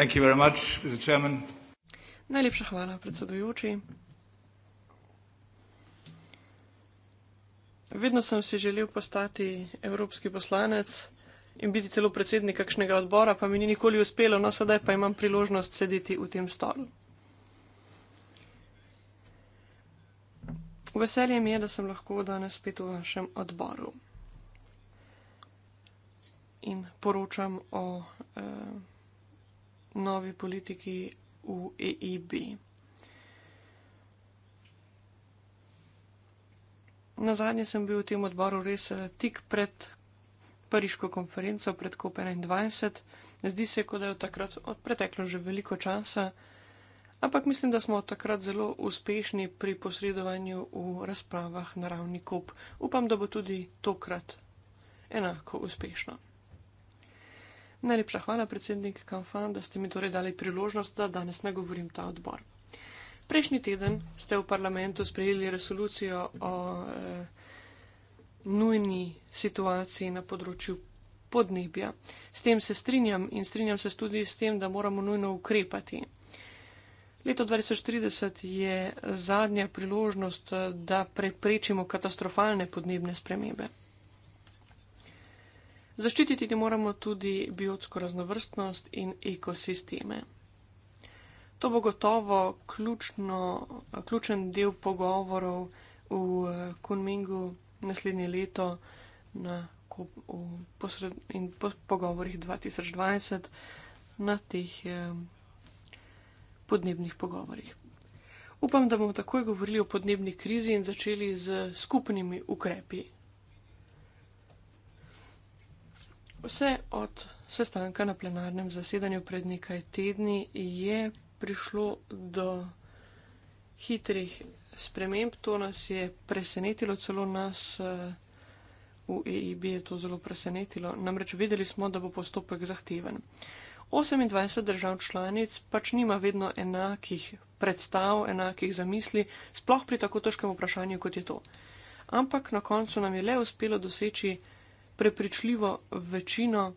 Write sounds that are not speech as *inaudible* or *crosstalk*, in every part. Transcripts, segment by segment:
Thank you very much, Mr. Chairman. Najlepša hvala, predsedujoči. Vedno sem si želel postati evropski poslanec in biti celo predsednik kakšnega odbora, pa mi ni nikoli uspelo, no sedaj pa imam priložnost sedeti v tem stolu. Veselje mi je, da sem lahko danes spet v vašem odboru in poročam o eh, novi politiki v EIB. Na zadnje sem bil v tem odboru res eh, tik pred Pariško konferenco, pred COP21. Zdi se, kot da je od takrat od preteklo že veliko časa, ampak mislim, da smo od takrat zelo uspešni pri posredovanju v razpravah na ravni COP. Upam, da bo tudi tokrat enako uspešno. Najlepša hvala, predsednik Kamfan, da ste mi torej dali priložnost, da danes nagovorim ta odbor. Prejšnji teden ste v parlamentu sprejeli resolucijo o e, nujni situaciji na področju podnebja. S tem se strinjam in strinjam se tudi s tem, da moramo nujno ukrepati. Leto 2030 je zadnja priložnost, eh, da preprečimo katastrofalne podnebne spremembe. Zaščititi moramo tudi biotsko raznovrstnost in ekosisteme. To bo gotovo ključno, ključen del pogovorov v eh, Kunmingu naslednje leto na, v posred, in po pogovorjih 2020 na teh eh, podnebnih pogovorjih. Upam, da bomo takoj govorili o podnebni krizi in začeli z skupnimi ukrepi Vse od sestanka na plenarnem zasedanju pred nekaj tedni je prišlo do hitrih sprememb. To nas je presenetilo, celo nas eh, v EIB je to zelo presenetilo. Namreč vedeli smo, da bo postopek zahteven. 28 držav članic pač nima vedno enakih predstav, enakih zamisli, sploh pri tako težkem vprašanju kot je to. Ampak na koncu nam je le uspelo doseči prepričljivo večino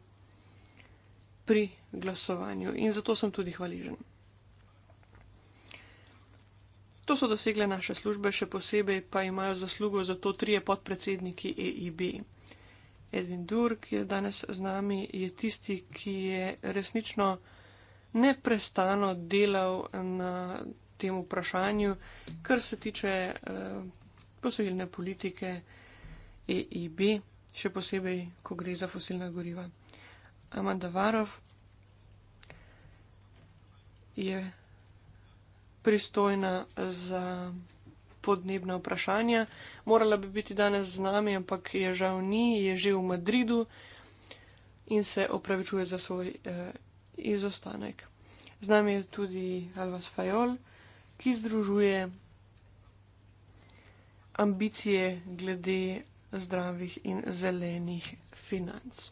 pri glasovanju in zato sem tudi hvaležen. To so dosegle naše službe, še posebej pa imajo zaslugo za to trije podpredsedniki EIB. Edwin Dur, ki je danes z nami, je tisti, ki je resnično neprestano delal na tem vprašanju, kar se tiče eh, posojilne politike EIB še posebej, ko gre za fosilna goriva. Amanda Varov je pristojna za podnebna vprašanja. Morala bi biti danes z nami, ampak je žal ni, je že v Madridu in se opravičuje za svoj eh, izostanek. Z nami je tudi Alvas Fajol, ki združuje ambicije glede zdravih in zelenih financ.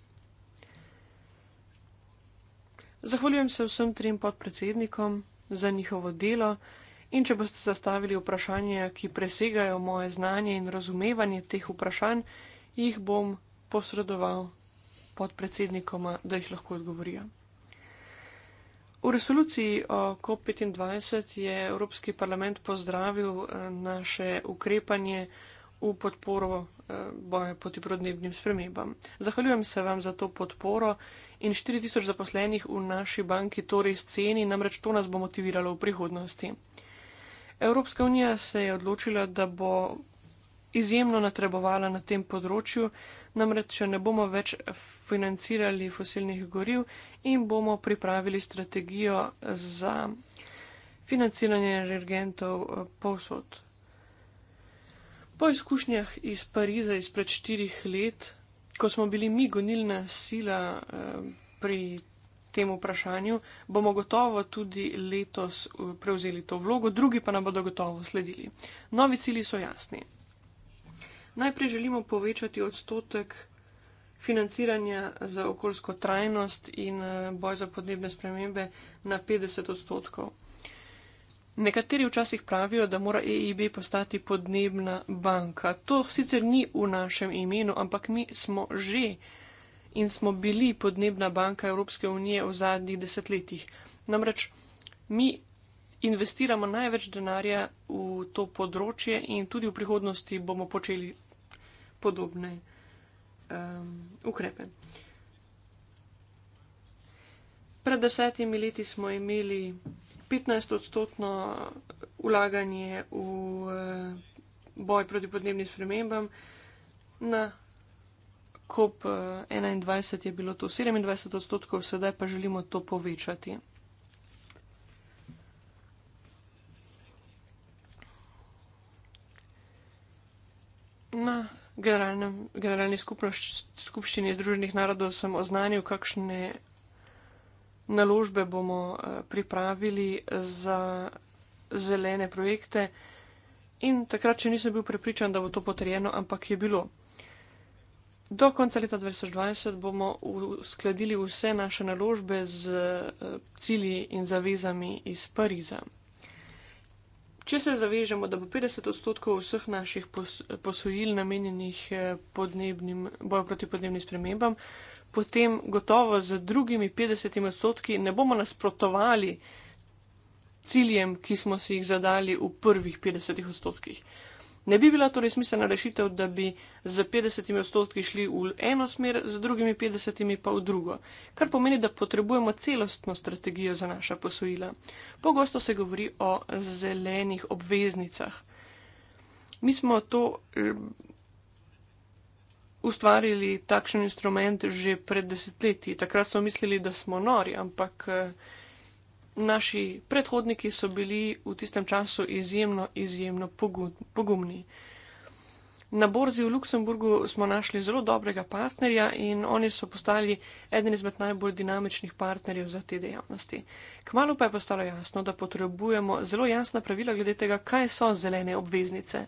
Zahvaljujem se vsem trim podpredsednikom za njihovo delo in če boste zastavili vprašanja, ki presegajo moje znanje in razumevanje teh vprašanj, jih bom posredoval podpredsednikoma, da jih lahko odgovorijo. V resoluciji o COP25 je Evropski parlament pozdravil eh, naše ukrepanje v podporo boju proti podnebnim spremembam. Zahvaljujem se vam za to podporo in 4000 zaposlenih v naši banki to res ceni, namreč to nas bo motiviralo v prihodnosti. Evropska unija se je odločila, da bo izjemno natrebovala na tem področju, namreč če ne bomo več financirali fosilnih goriv in bomo pripravili strategijo za financiranje energentov eh, posod. Po izkušnjah iz Pariza izpred štirih let, ko smo bili mi gonilna sila eh, pri tem vprašanju, bomo gotovo tudi letos eh, prevzeli to vlogo, drugi pa nam bodo gotovo sledili. Novi cili so jasni. Najprej želimo povečati odstotek financiranja za okoljsko trajnost in eh, boj za podnebne spremembe na 50 odstotkov. Nekateri včasih pravijo, da mora EIB postati podnebna banka. To sicer ni v našem imenu, ampak mi smo že in smo bili podnebna banka Evropske unije v zadnjih desetletjih. Namreč mi investiramo največ denarja v to področje in tudi v prihodnosti bomo počeli podobne um, ukrepe. Pred desetimi leti smo imeli 15 odstotno ulaganje v eh, boj proti podnebnim spremembam. Na COP21 eh, je bilo to 27 odstotkov, sedaj pa želimo to povečati. Na generalni skupnošč, skupščini Združenih narodov sem oznanil, kakšne naložbe bomo eh, pripravili za zelene projekte. In takrat še nisem bil prepričan, da bo to potrjeno, ampak je bilo. Do konca leta 2020 bomo uskladili vse naše naložbe z eh, cilji in zavezami iz Pariza. Če se zavežemo, da bo 50 odstotkov vseh naših posojil namenjenih eh, boju proti podnebnim spremembam, potem gotovo z drugimi 50 odstotki ne bomo nasprotovali ciljem, ki smo si jih zadali v prvih 50 odstotkih. Ne bi bila torej smiselna rešitev, da bi z 50 odstotki šli v eno smer, z drugimi 50 pa v drugo, kar pomeni, da potrebujemo celostno strategijo za naša posojila. Pogosto se govori o zelenih obveznicah. Mi smo to eh, ustvarili takšen instrument že pred desetletji. Takrat so mislili, da smo nori, ampak eh, naši predhodniki so bili v tistem času izjemno, izjemno pogumni. Na borzi v Luksemburgu smo našli zelo dobrega partnerja in oni so postali eden izmed najbolj dinamičnih partnerjev za te dejavnosti. Kmalo pa je postalo jasno, da potrebujemo zelo jasna pravila glede tega, kaj so zelene obveznice.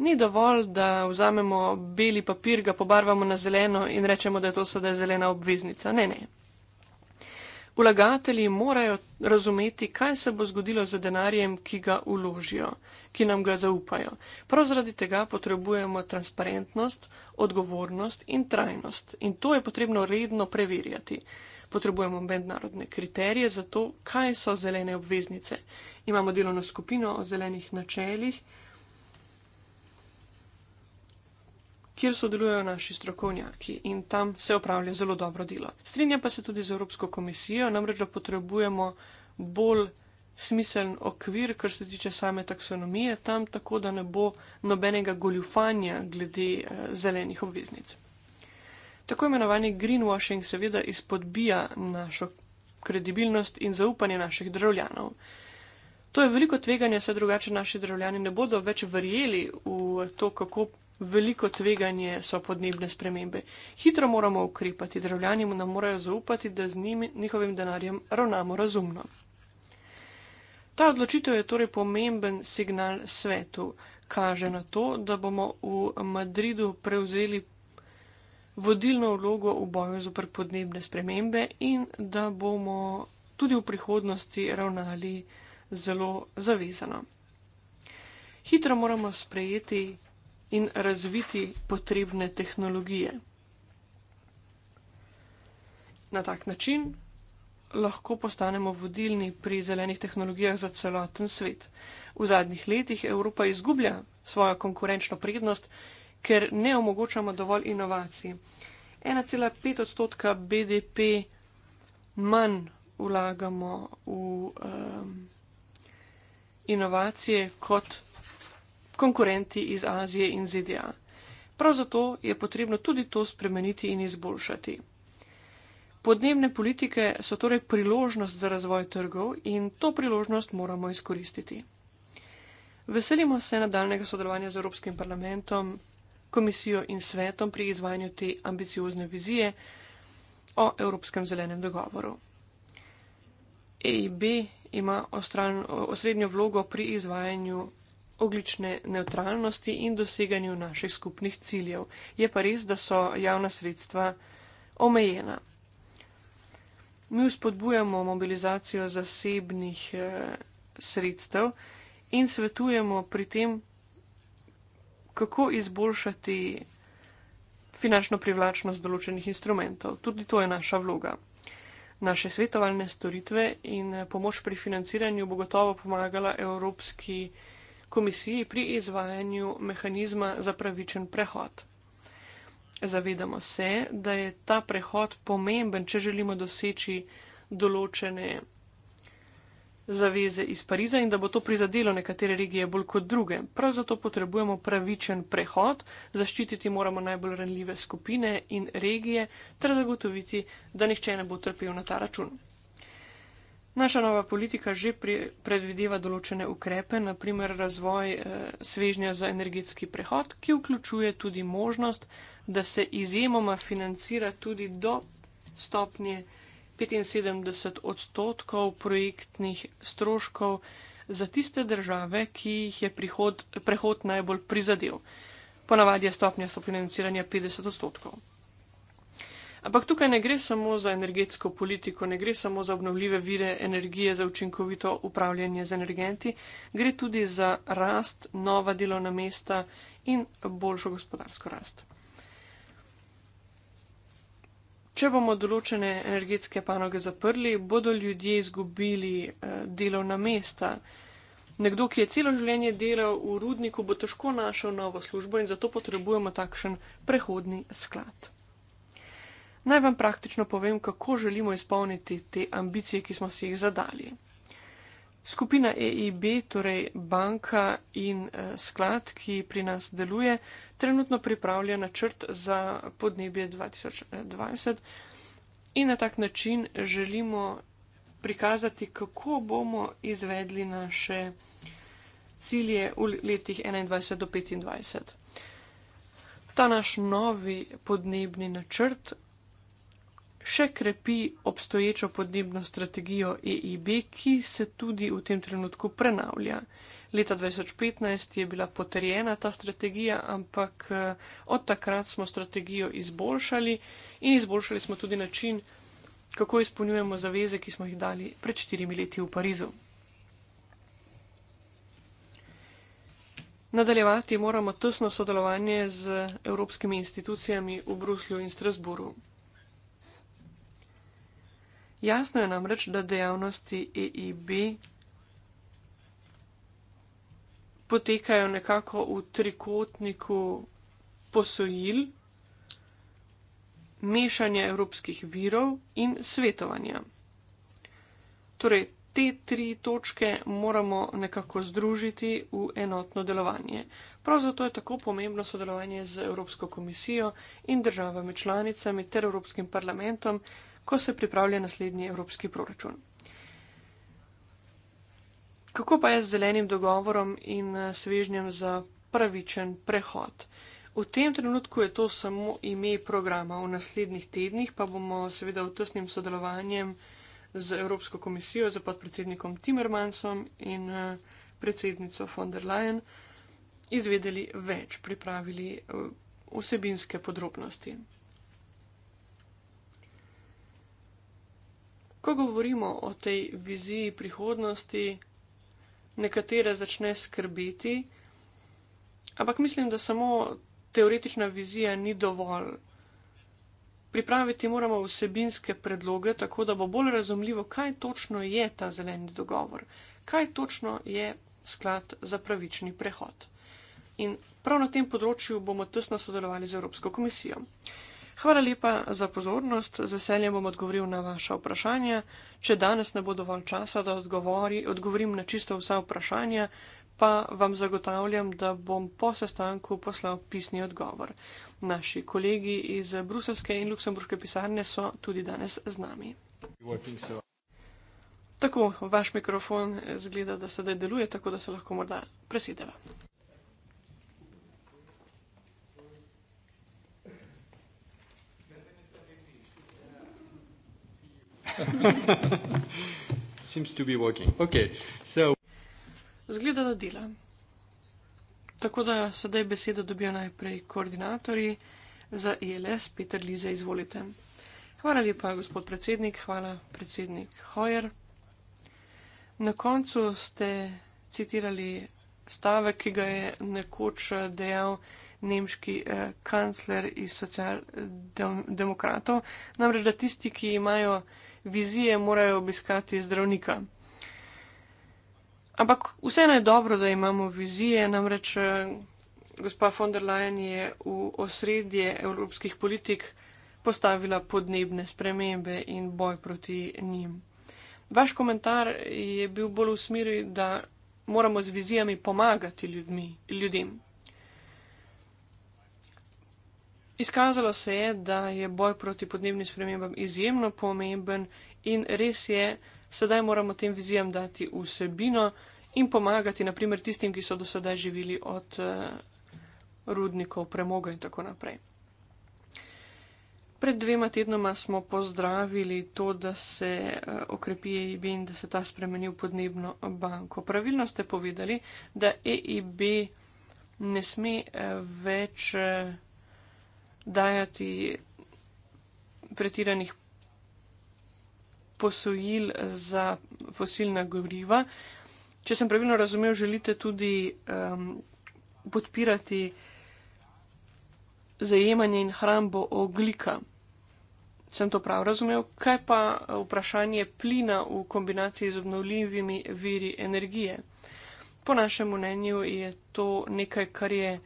Ni dovolj, da vzamemo beli papir, ga pobarvamo na zeleno in rečemo, da je to sedaj zelena obveznica. Ne, ne. Ulagatelji morajo razumeti, kaj se bo zgodilo z denarjem, ki ga uložijo, ki nam ga zaupajo. Prav zaradi tega potrebujemo transparentnost, odgovornost in trajnost. In to je potrebno redno preverjati. Potrebujemo mednarodne kriterije za to, kaj so zelene obveznice. Imamo delovno skupino o zelenih načeljih. kjer sodelujejo naši strokovnjaki in tam se opravlja zelo dobro delo. Strinja pa se tudi z Evropsko komisijo, namreč da potrebujemo bolj smiseln okvir, kar se tiče same taksonomije tam, tako da ne bo nobenega goljufanja glede eh, zelenih obveznic. Tako imenovani greenwashing seveda izpodbija našo kredibilnost in zaupanje naših državljanov. To je veliko tveganje, saj drugače naši državljani ne bodo več verjeli v to, kako veliko tveganje so podnebne spremembe. Hitro moramo ukrepati, državljani nam morajo zaupati, da z njimi, njihovim denarjem ravnamo razumno. Ta odločitev je torej pomemben signal svetu, kaže na to, da bomo v Madridu prevzeli vodilno vlogo v boju zopr podnebne spremembe in da bomo tudi v prihodnosti ravnali zelo zavezano. Hitro moramo sprejeti in razviti potrebne tehnologije. Na tak način lahko postanemo vodilni pri zelenih tehnologijah za celoten svet. V zadnjih letih Evropa izgublja svojo konkurenčno prednost, ker ne omogočamo dovolj inovacij. 1,5 odstotka BDP manj vlagamo v um, inovacije kot konkurenti iz Azije in ZDA. Prav zato je potrebno tudi to spremeniti in izboljšati. Podnebne politike so torej priložnost za razvoj trgov in to priložnost moramo izkoristiti. Veselimo se nadaljnega sodelovanja z Evropskim parlamentom, komisijo in svetom pri izvajanju te ambiciozne vizije o Evropskem zelenem dogovoru. EIB ima osrednjo vlogo pri izvajanju oglične neutralnosti in doseganju naših skupnih ciljev. Je pa res, da so javna sredstva omejena. Mi vzpodbujamo mobilizacijo zasebnih eh, sredstev in svetujemo pri tem, kako izboljšati finančno privlačnost določenih instrumentov. Tudi to je naša vloga. Naše svetovalne storitve in eh, pomoč pri financiranju bo gotovo pomagala Evropski komisiji komisiji pri izvajanju mehanizma za pravičen prehod. Zavedamo se, da je ta prehod pomemben, če želimo doseči določene zaveze iz Pariza in da bo to prizadelo nekatere regije bolj kot druge. Prav zato potrebujemo pravičen prehod, zaščititi moramo najbolj ranljive skupine in regije ter zagotoviti, da nihče ne bo trpel na ta račun. Naša nova politika že pri, predvideva določene ukrepe, naprimer razvoj eh, svežnja za energetski prehod, ki vključuje tudi možnost, da se izjemoma financira tudi do stopnje 75 odstotkov projektnih stroškov za tiste države, ki jih je prihod, prehod najbolj prizadel. Ponavadi je stopnja sofinanciranja 50 odstotkov. Ampak tukaj ne gre samo za energetsko politiko, ne gre samo za obnovljive vire energije, za učinkovito upravljanje z energenti, gre tudi za rast, nova delovna mesta in boljšo gospodarsko rast. Če bomo določene energetske panoge zaprli, bodo ljudje izgubili eh, delovna mesta. Nekdo, ki je celo življenje delal v rudniku, bo težko našel novo službo in zato potrebujemo takšen prehodni sklad. Naj vam praktično povem, kako želimo izpolniti te ambicije, ki smo si jih zadali. Skupina EIB, torej banka in eh, sklad, ki pri nas deluje, trenutno pripravlja načrt za podnebje 2020 in na tak način želimo prikazati, kako bomo izvedli naše cilje v letih 2021 do 2025. Ta naš novi podnebni načrt še krepi obstoječo podnebno strategijo EIB, ki se tudi v tem trenutku prenavlja. Leta 2015 je bila potrjena ta strategija, ampak eh, od takrat smo strategijo izboljšali in izboljšali smo tudi način, kako izpolnjujemo zaveze, ki smo jih dali pred štirimi leti v Parizu. Nadaljevati moramo tesno sodelovanje z evropskimi institucijami v Bruslju in Strasburu. Jasno je namreč, da dejavnosti EIB potekajo nekako v trikotniku posojil, mešanja evropskih virov in svetovanja. Torej, te tri točke moramo nekako združiti v enotno delovanje. Prav zato je tako pomembno sodelovanje z Evropsko komisijo in državami članicami ter Evropskim parlamentom, ko se pripravlja naslednji evropski proračun. Kako pa je z zelenim dogovorom in eh, svežnjem za pravičen prehod? V tem trenutku je to samo ime programa. V naslednjih tednih pa bomo seveda v tesnem sodelovanju z Evropsko komisijo, z podpredsednikom Timmermansom in eh, predsednico von der Leyen izvedeli več, pripravili eh, vsebinske podrobnosti. Ko govorimo o tej viziji prihodnosti, nekatere začne skrbeti, ampak mislim, da samo teoretična vizija ni dovolj. Pripraviti moramo vsebinske predloge, tako da bo bolj razumljivo, kaj točno je ta zeleni dogovor, kaj točno je sklad za pravični prehod. In prav na tem področju bomo tesno sodelovali z Evropsko komisijo. Hvala lepa za pozornost. Z veseljem bom odgovoril na vaše vprašanje. Če danes ne bo dovolj časa, da odgovori, odgovorim na čisto vsa vprašanja, pa vam zagotavljam, da bom po sestanku poslal pisni odgovor. Naši kolegi iz Bruselske in Luksemburške pisarne so tudi danes z nami. Tako, vaš mikrofon zgleda, da sedaj deluje, tako da se lahko morda presedeva. *laughs* Seems to be working. Okay. So. Zgleda, da dela. Tako da sedaj besedo dobijo najprej koordinatorji za ILS, e Peter Lize, izvolite. Hvala lepa, gospod predsednik, hvala, predsednik Hoyer. Na koncu ste citirali stavek, ki ga je nekoč eh, dejal nemški eh, kancler iz socialdemokratov, namreč da tisti, ki imajo vizije morajo obiskati zdravnika. Ampak vseeno je dobro, da imamo vizije, namreč eh, gospa von der Leyen je v osredje evropskih politik postavila podnebne spremembe in boj proti njim. Vaš komentar je bil bolj v smeri, da moramo z vizijami pomagati ljudmi, ljudem. Izkazalo se je, da je boj proti podnebnim spremembam izjemno pomemben in res je, sedaj moramo tem vizijam dati vsebino in pomagati, naprimer, tistim, ki so do sedaj živeli od uh, rudnikov, premoga in tako naprej. Pred dvema tednoma smo pozdravili to, da se eh, okrepi EIB in da se ta spremeni v podnebno banko. Pravilno ste povedali, da EIB ne sme eh, več. Uh, dajati pretiranih posojil za fosilna goriva. Če sem pravilno razumel, želite tudi um, podpirati zajemanje in hrambo oglika. Sem to prav razumel? Kaj pa vprašanje plina v kombinaciji z obnovljivimi viri energije? Po našem mnenju je to nekaj, kar je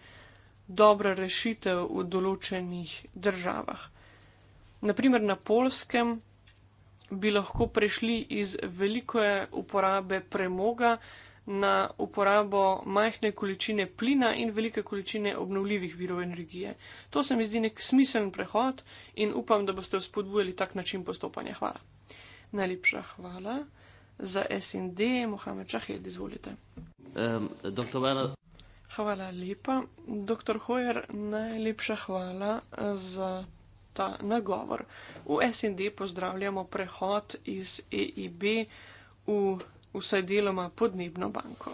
dobra rešitev v določenih državah. Naprimer na polskem bi lahko prešli iz velike uporabe premoga na uporabo majhne količine plina in velike količine obnovljivih virov energije. To se mi zdi nek smiseln prehod in upam, da boste vzpodbujali tak način postopanja. Hvala. Najlepša hvala. Za SND Mohamed Čahed, izvolite. Um, doktor Vela, Hvala lepa. Doktor Hojer, najlepša hvala eh, za ta nagovor. V SND pozdravljamo prehod iz EIB v vsaj deloma podnebno banko.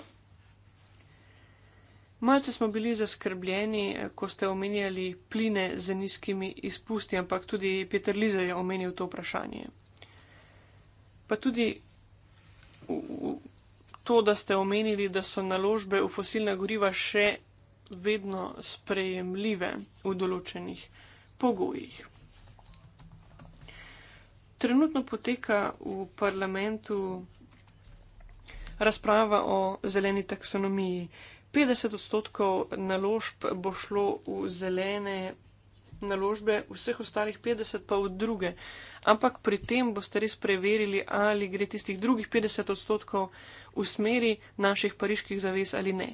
Malce smo bili zaskrbljeni, eh, ko ste omenjali pline z nizkimi izpusti, ampak tudi Peter Liza je omenil to vprašanje. Pa tudi v, v to, da ste omenili, da so naložbe v fosilna goriva še vedno sprejemljive v določenih pogojih. Trenutno poteka v parlamentu razprava o zeleni taksonomiji. 50 odstotkov naložb bo šlo v zelene naložbe, vseh ostalih 50 pa v druge. Ampak pri tem boste res preverili, ali gre tistih drugih 50 odstotkov v smeri naših pariških zavez ali ne.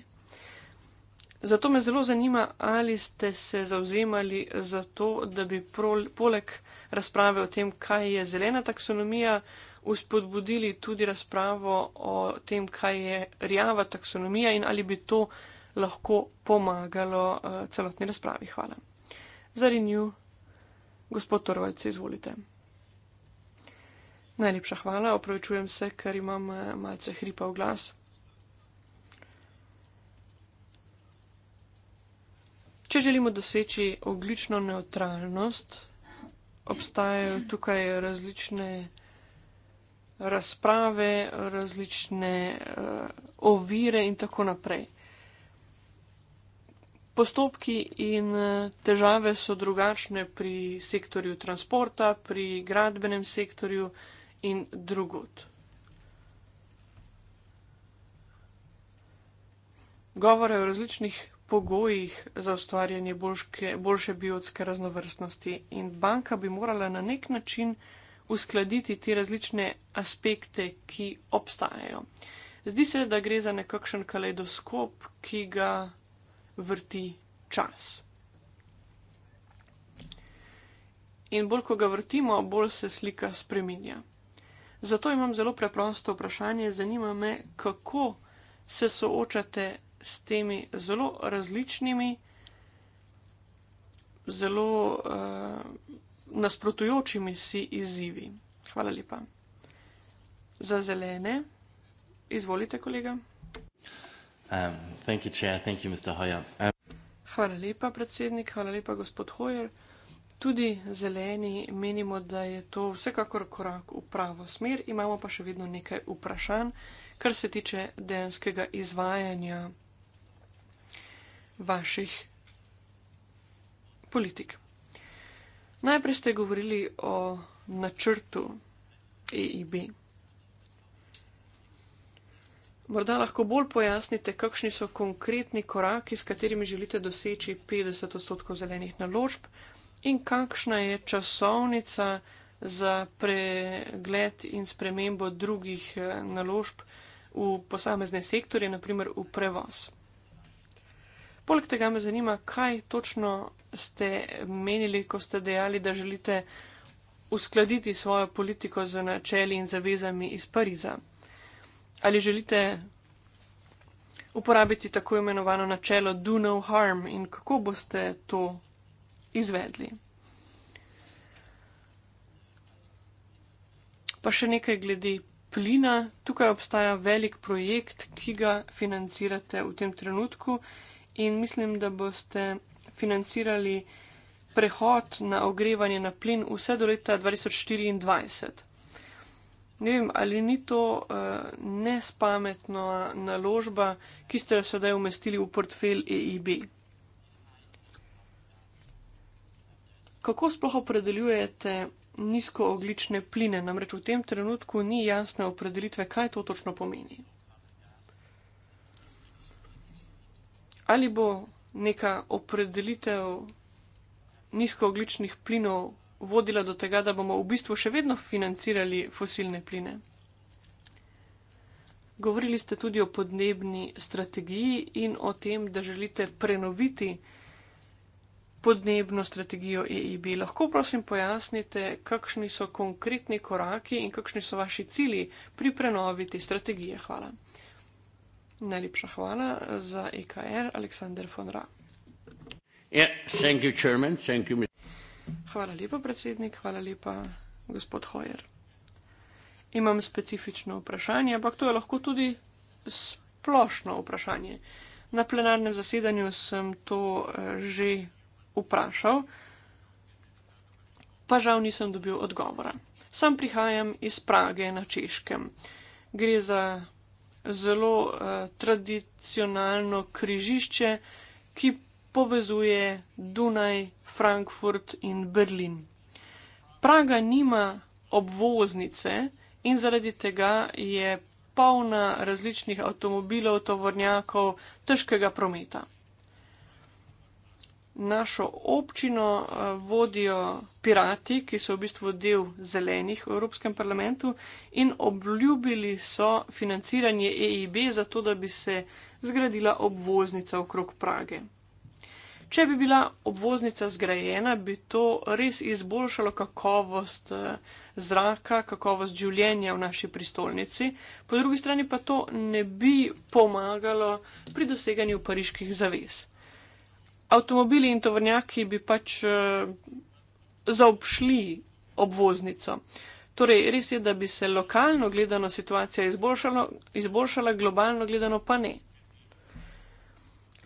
Zato me zelo zanima, ali ste se zauzemali za to, da bi prol, poleg razprave o tem, kaj je zelena taksonomija, uspodbudili tudi razpravo o tem, kaj je rjava taksonomija in ali bi to lahko pomagalo uh, celotni razpravi. Hvala. Za Renew, gospod Torvalc, izvolite. Najlepša hvala, opravičujem se, ker imam eh, malce hripa v glas. Če želimo doseči oglično neutralnost, obstajajo tukaj različne razprave, različne uh, ovire in tako naprej. Postopki in eh, težave so drugačne pri sektorju transporta, pri gradbenem sektorju, uh, in drugot. Govor je o različnih pogojih za ustvarjanje boljške, boljše biotske raznovrstnosti in banka bi morala na nek način uskladiti te različne aspekte, ki obstajajo. Zdi se, da gre za nekakšen kaleidoskop, ki ga vrti čas. In bolj ko ga vrtimo, bolj se slika spreminja. Zato imam zelo preprosto vprašanje. Zanima me, kako se soočate s temi zelo različnimi, zelo uh, nasprotujočimi si izzivi. Hvala lepa. Za zelene, izvolite, kolega. Um, you, chair, you, um... Hvala lepa, predsednik, hvala lepa, gospod Hojer. Tudi zeleni menimo, da je to vsekakor korak v pravo smer, imamo pa še vedno nekaj vprašanj, kar se tiče dejanskega izvajanja vaših politik. Najprej ste govorili o načrtu EIB. Morda lahko bolj pojasnite, kakšni so konkretni koraki, s katerimi želite doseči 50 odstotkov zelenih naložb, in kakšna je časovnica za pregled in spremembo drugih eh, naložb v posamezne sektorje, naprimer v prevoz. Poleg tega me zanima, kaj točno ste menili, ko ste dejali, da želite uskladiti svojo politiko z načeli in zavezami iz Pariza. Ali želite uporabiti tako imenovano načelo do no harm in kako boste to izvedli. Pa še nekaj glede plina. Tukaj obstaja velik projekt, ki ga financirate v tem trenutku in mislim, da boste financirali prehod na ogrevanje na plin vse do leta 2024. Ne vem, ali ni to uh, nespametna naložba, ki ste jo sedaj umestili v portfelj EIB. kako sploh opredeljujete nizkooglične pline? Namreč v tem trenutku ni jasne opredelitve, kaj to točno pomeni. Ali bo neka opredelitev nizkooglične plinov vodila do tega, da bomo v bistvu še vedno financirali fosilne pline? Govorili ste tudi o podnebni strategiji in o tem, da želite prenoviti podnebno strategijo EIB. Lahko prosim pojasnite, kakšni so konkretni koraki in kakšni so vaši cili pri prenovi te strategije. Hvala. Najlepša hvala za EKR, Aleksandr von Ra. Yeah, thank you, chairman. Thank you, hvala lepa, predsednik. Hvala lepa, gospod Hoyer. Imam specifično vprašanje, ampak to je lahko tudi splošno vprašanje. Na plenarnem zasedanju sem to eh, že vprašal, pa žal nisem dobil odgovora. Sam prihajam iz Prage na Češkem. Gre za zelo uh, tradicionalno križišče, ki povezuje Dunaj, Frankfurt in Berlin. Praga nima obvoznice in zaradi tega je polna različnih avtomobilov, tovornjakov, težkega prometa našo občino eh, vodijo pirati, ki so v bistvu del zelenih v Evropskem parlamentu in obljubili so financiranje EIB za to, da bi se zgradila obvoznica okrog Prage. Če bi bila obvoznica zgrajena, bi to res izboljšalo kakovost eh, zraka, kakovost življenja v naši prestolnici, po drugi strani pa to ne bi pomagalo pri doseganju pariških zavez avtomobili in tovrnjaki bi pač eh, zaobšli obvoznico. Torej, res je, da bi se lokalno gledano situacija izboljšala, izboljšala globalno gledano pa ne.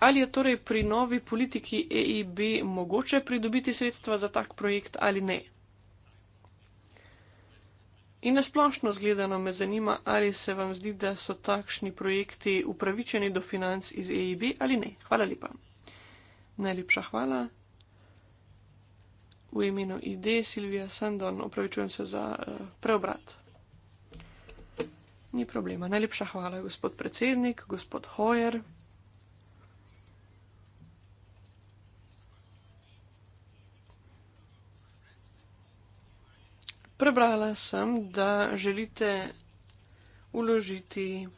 Ali je torej pri novi politiki EIB mogoče pridobiti sredstva za tak projekt ali ne? In nasplošno zgledano me zanima, ali se vam zdi, da so takšni projekti upravičeni do financ iz EIB ali ne. Hvala lepa. Najlepša hvala. V imenu ID Silvija Sandon opravičujem se za uh, preobrat. Ni problema. Najlepša hvala, gospod predsednik, gospod Hojer. Prebrala sem, da želite uložiti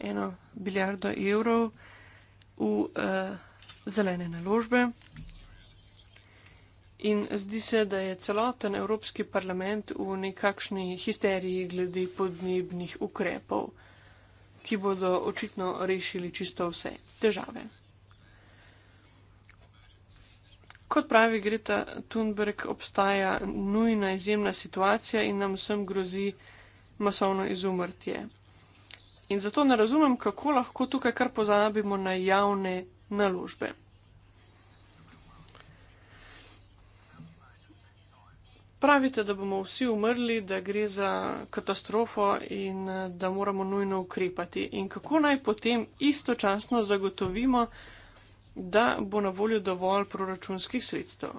eno biljardo evrov v uh, zelene naložbe. In zdi se, da je celoten Evropski parlament v nekakšni histeriji glede podnebnih ukrepov, ki bodo očitno rešili čisto vse težave. Kot pravi Greta Thunberg, obstaja nujna izjemna situacija in nam vsem grozi masovno izumrtje. In zato ne razumem, kako lahko tukaj kar pozabimo na javne naložbe. Pravite, da bomo vsi umrli, da gre za katastrofo in da moramo nujno ukrepati. In kako naj potem istočasno zagotovimo, da bo na voljo dovolj proračunskih sredstev?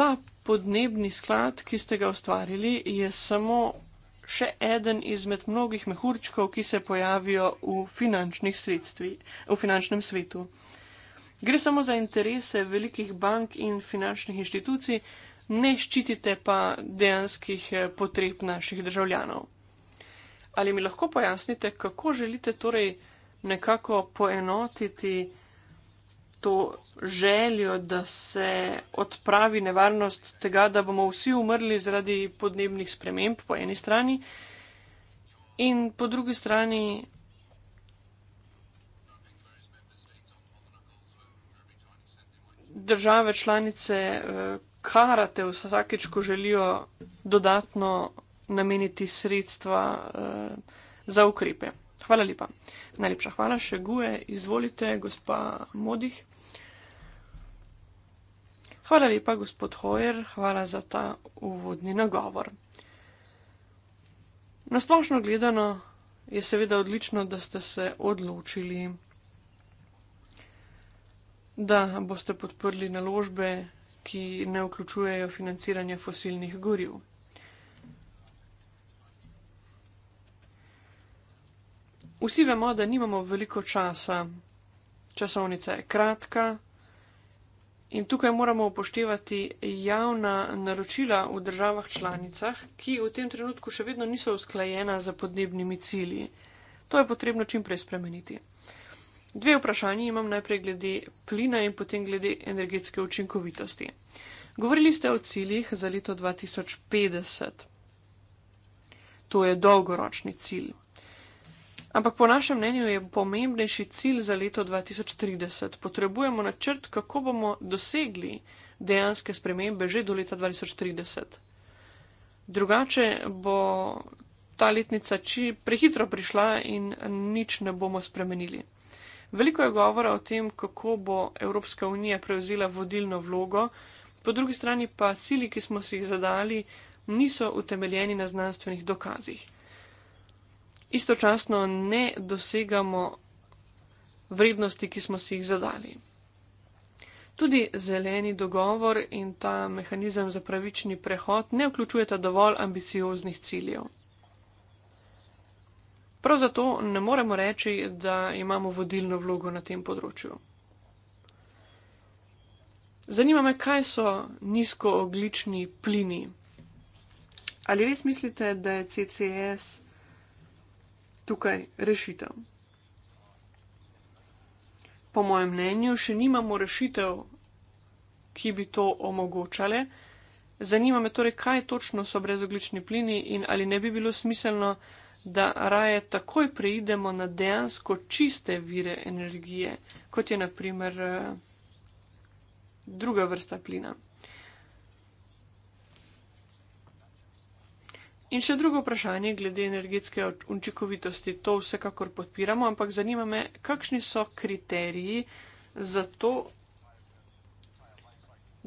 ta podnebni sklad, ki ste ga ustvarili, je samo še eden izmed mnogih mehurčkov, ki se pojavijo v, sredstvi, v finančnem svetu. Gre samo za interese velikih bank in finančnih inštitucij, ne ščitite pa dejanskih eh, potreb naših državljanov. Ali mi lahko pojasnite, kako želite torej nekako poenotiti to željo, da se odpravi nevarnost tega, da bomo vsi umrli zaradi podnebnih sprememb po eni strani in po drugi strani. Države članice eh, karate vsakeč, ko želijo dodatno nameniti sredstva eh, za ukrepe. Hvala lepa. Najlepša hvala. Še guje, izvolite, gospa Modih. Hvala lepa, gospod Hojer, hvala za ta uvodni nagovor. Nasplošno gledano je seveda odlično, da ste se odločili, da boste podprli naložbe, ki ne vključujejo financiranja fosilnih goriv. Vsi vemo, da nimamo veliko časa, časovnica je kratka. In tukaj moramo upoštevati javna naročila v državah članicah, ki v tem trenutku še vedno niso usklajena z podnebnimi cilji. To je potrebno čim prej spremeniti. Dve vprašanji imam najprej glede plina in potem glede energetske učinkovitosti. Govorili ste o ciljih za leto 2050. To je dolgoročni cilj. Ampak po našem mnenju je pomembnejši cilj za leto 2030. Potrebujemo načrt, kako bomo dosegli dejanske spremembe že do leta 2030. Drugače bo ta letnica či prehitro prišla in nič ne bomo spremenili. Veliko je govora o tem, kako bo Evropska unija prevzela vodilno vlogo, po drugi strani pa cili, ki smo si jih zadali, niso utemeljeni na znanstvenih dokazih istočasno ne dosegamo vrednosti, ki smo si jih zadali. Tudi zeleni dogovor in ta mehanizem za pravični prehod ne vključujeta dovolj ambicioznih ciljev. Prav zato ne moremo reči, da imamo vodilno vlogo na tem področju. Zanima me, kaj so nizkooglični plini. Ali res mislite, da je CCS tukaj rešitev. Po mojem mnenju še nimamo rešitev, ki bi to omogočale. Zanima me torej, kaj točno so brezoglični plini in ali ne bi bilo smiselno, da raje takoj preidemo na dejansko čiste vire energije, kot je naprimer eh, druga vrsta plina. In še drugo vprašanje glede energetske učinkovitosti. To vsekakor podpiramo, ampak zanima me, kakšni so kriteriji za to,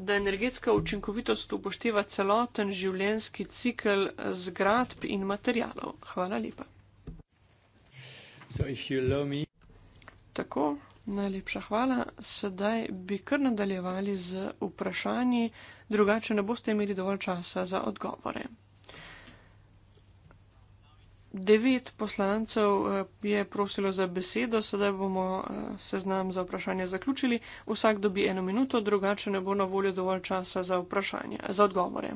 da energetska učinkovitost upošteva celoten življenski cikl zgradb in materijalov. Hvala lepa. Tako, najlepša hvala. Sedaj bi kar nadaljevali z vprašanji, drugače ne boste imeli dovolj časa za odgovore. Devet poslancev eh, je prosilo za besedo, sedaj bomo eh, seznam za vprašanje zaključili. Vsak dobi eno minuto, drugače ne bo na voljo dovolj časa za, za odgovore.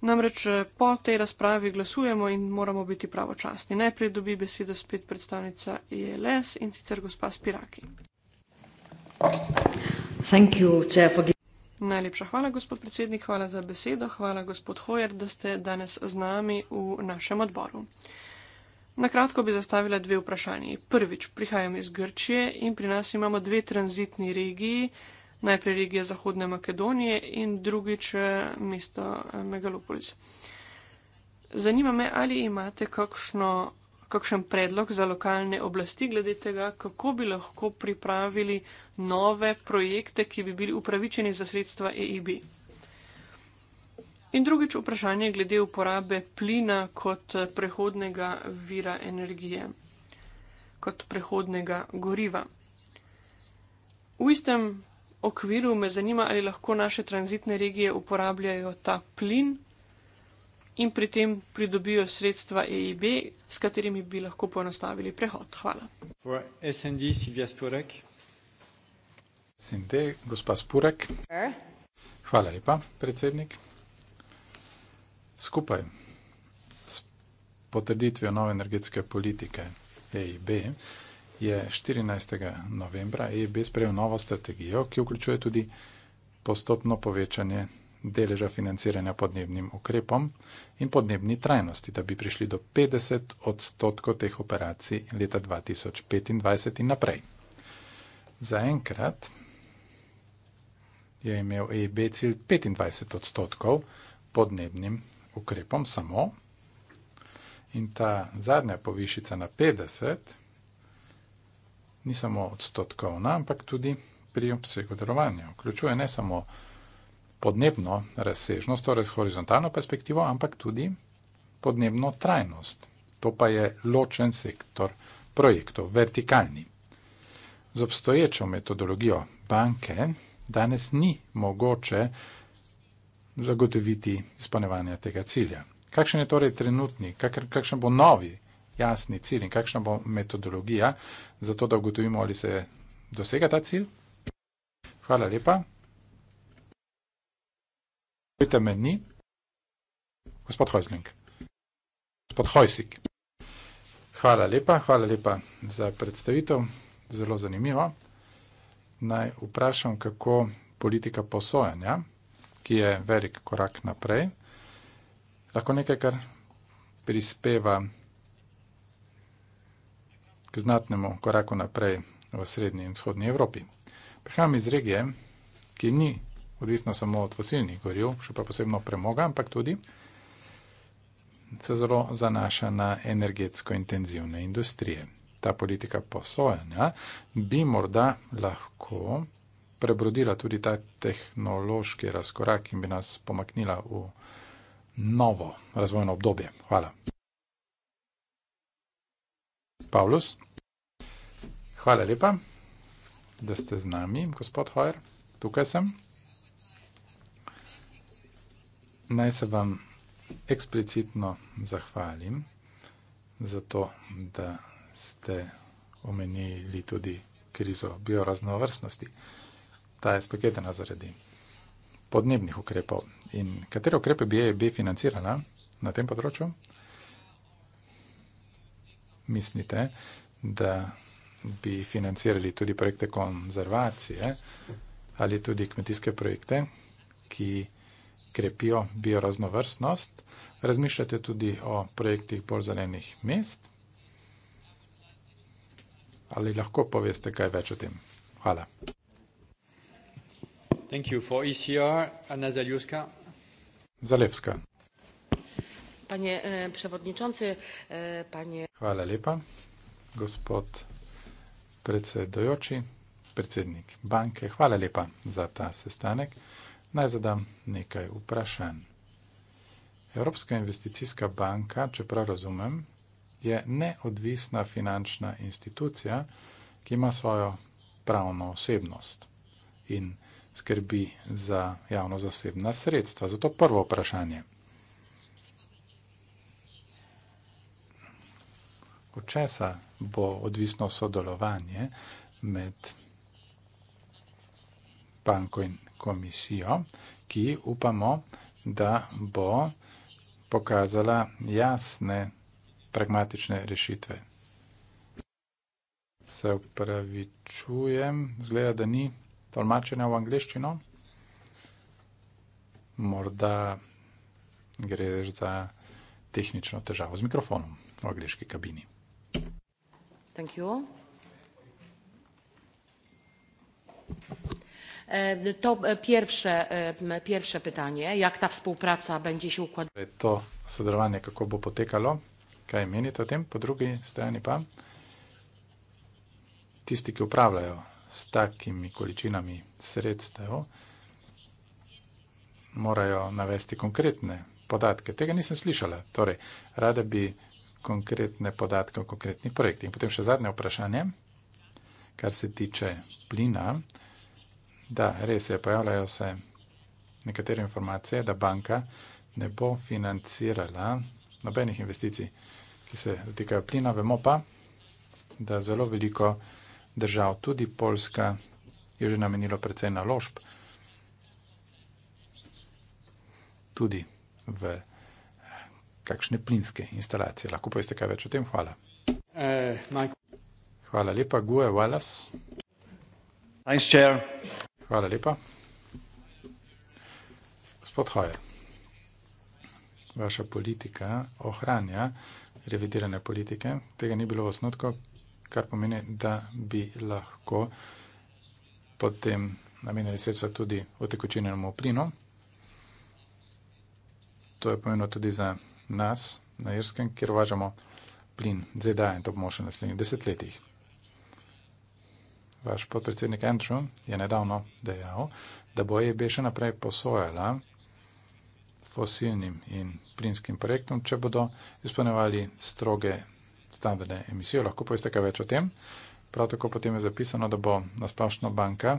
Namreč eh, po tej razpravi glasujemo in moramo biti pravočasni. Najprej dobi besedo spet predstavnica ILS e in sicer gospa Spiraki. Najlepša hvala, gospod predsednik, hvala za besedo, hvala, gospod Hojer, da ste danes z nami v našem odboru. Na kratko bi zastavila dve vprašanji. Prvič, prihajam iz Grčije in pri nas imamo dve tranzitni regiji, najprej regija Zahodne Makedonije in drugič eh, mesto eh, Megalopolis. Zanima me, ali imate kakšno kakšen predlog za lokalne oblasti glede tega, kako bi lahko pripravili nove projekte, ki bi bili upravičeni za sredstva EIB. In drugič vprašanje glede uporabe plina kot eh, prehodnega vira energije, kot prehodnega goriva. V istem okviru me zanima, ali lahko naše tranzitne regije uporabljajo ta plin in pri tem pridobijo sredstva EIB, s katerimi bi lahko poenostavili prehod. Hvala. SND, Spurek. SND, Spurek. Hvala lepa, predsednik. Skupaj s potrditvijo nove energetske politike EIB je 14. novembra EIB sprejel novo strategijo, ki vključuje tudi postopno povečanje deleža financiranja podnebnim ukrepom in podnebni trajnosti, da bi prišli do 50 odstotkov teh operacij leta 2025 in naprej. Zaenkrat je imel EIB cilj 25 odstotkov podnebnim ukrepom samo in ta zadnja povišica na 50 ni samo odstotkovna, ampak tudi pri obsegu delovanja. Vključuje ne samo odstotkov, podnebno razsežnost, torej horizontalno perspektivo, ampak tudi podnebno trajnost. To pa je ločen sektor projektov, vertikalni. Z obstoječo metodologijo banke danes ni mogoče zagotoviti izpolnevanja tega cilja. Kakšen je torej trenutni, kakšen bo novi jasni cilj in kakšna bo metodologija za to, da ugotovimo, ali se dosega ta cilj? Hvala lepa. Pojte meni, gospod Hojsling, gospod Hojsik. Hvala lepa, hvala lepa za predstavitev, zelo zanimivo. Naj vprašam, kako politika posojanja, ki je velik korak naprej, lahko nekaj, kar prispeva k znatnemu koraku naprej v srednji in vzhodni Evropi. Prihajam iz regije, ki ni odvisna samo od fosilnih goril, še pa posebno premoga, ampak tudi se zelo zanaša na energetsko intenzivne industrije. Ta politika posojanja bi morda lahko prebrodila tudi ta tehnološki razkorak in bi nas pomaknila v novo razvojno obdobje. Hvala. Pavlus, hvala lepa, da ste z nami, gospod Hojer, tukaj sem naj se vam eksplicitno zahvalim za to, da ste omenili tudi krizo bioraznovrstnosti. Ta je spaketena zaradi podnebnih ukrepov. In katere ukrepe bi EIB financirala na tem področju? Mislite, da bi financirali tudi projekte konzervacije ali tudi kmetijske projekte, ki bi krepijo bioraznovrstnost. Razmišljate tudi o projektih bolj zelenih mest? Ali lahko poveste kaj več o tem? Hvala. Thank you for ECR. Anna Zalewska. Zalewska. Panie e, przewodniczący, e, panie... Hvala lepa, gospod predsedujoči, predsednik banke. Hvala lepa za ta sestanek. Naj zadam nekaj vprašanj. Evropska investicijska banka, če prav razumem, je neodvisna finančna institucija, ki ima svojo pravno osebnost in skrbi za javno-zasebna sredstva. Zato prvo vprašanje. Od česa bo odvisno sodelovanje med vsemi? banko in komisijo, ki upamo, da bo pokazala jasne, pragmatične rešitve. Se upravičujem, zgleda, da ni tolmačena v angliščino. Morda greš za tehnično težavo z mikrofonom v angliški kabini. Thank you all. E, to e, pierwsze, e, pierwsze pytanie, jak ta współpraca będzie się układała? Torej, to sodelowanie, jak bo potekalo, kaj menite o tym? Po drugiej stronie pa, tisti, ki upravljajo z takimi količinami sredstev, morajo navesti konkretne podatke. Tega nisem slišala. Torej, rada bi konkretne podatke o konkretnih projektih. In potem še zadnje vprašanje, kar se tiče plina. Da, res je, pojavljajo se nekatere informacije, da banka ne bo financirala nobenih investicij, ki se dotikajo plina. Vemo pa, da zelo veliko držav, tudi Poljska, je že namenilo precej naložb tudi v kakšne plinske instalacije. Lahko poveste kaj več o tem? Hvala. Eh, Hvala lepa, Gue Wallace. Thanks, chair. Hvala lepa. Gospod Hojer, vaša politika ohranja revidirane politike. Tega ni bilo v osnotku, kar pomeni, da bi lahko potem namenili sredstva tudi otekočinjenemu plinu. To je pomenilo tudi za nas na Irskem, kjer uvažamo plin ZDA in to bomo še naslednjih desetletjih vaš podpredsednik Andrew je nedavno dejal, da bo EIB še naprej posojala fosilnim in plinskim projektom, če bodo izpolnjevali stroge standarde emisije. Lahko poveste kaj več o tem. Prav tako potem je zapisano, da bo nasplošno banka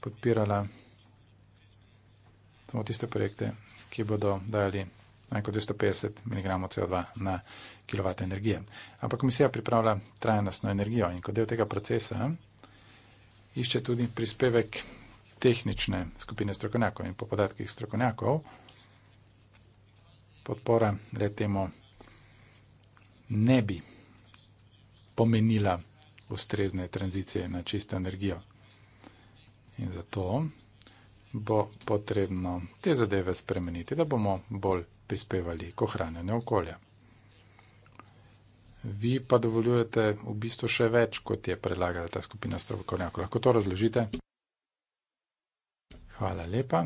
podpirala samo tiste projekte, ki bodo dali manj kot 250 mg CO2 na kW energije. Ampak komisija pripravlja trajnostno energijo in kot del tega procesa išče tudi prispevek tehnične skupine strokovnjakov in po podatkih strokovnjakov podpora le temu ne bi pomenila ustrezne tranzicije na čisto energijo. In zato bo potrebno te zadeve spremeniti, da bomo bolj prispevali k ohranjanju okolja vi pa dovoljujete v bistvu še več, kot je predlagala ta skupina strokovnjakov. Lahko to razložite? Hvala lepa.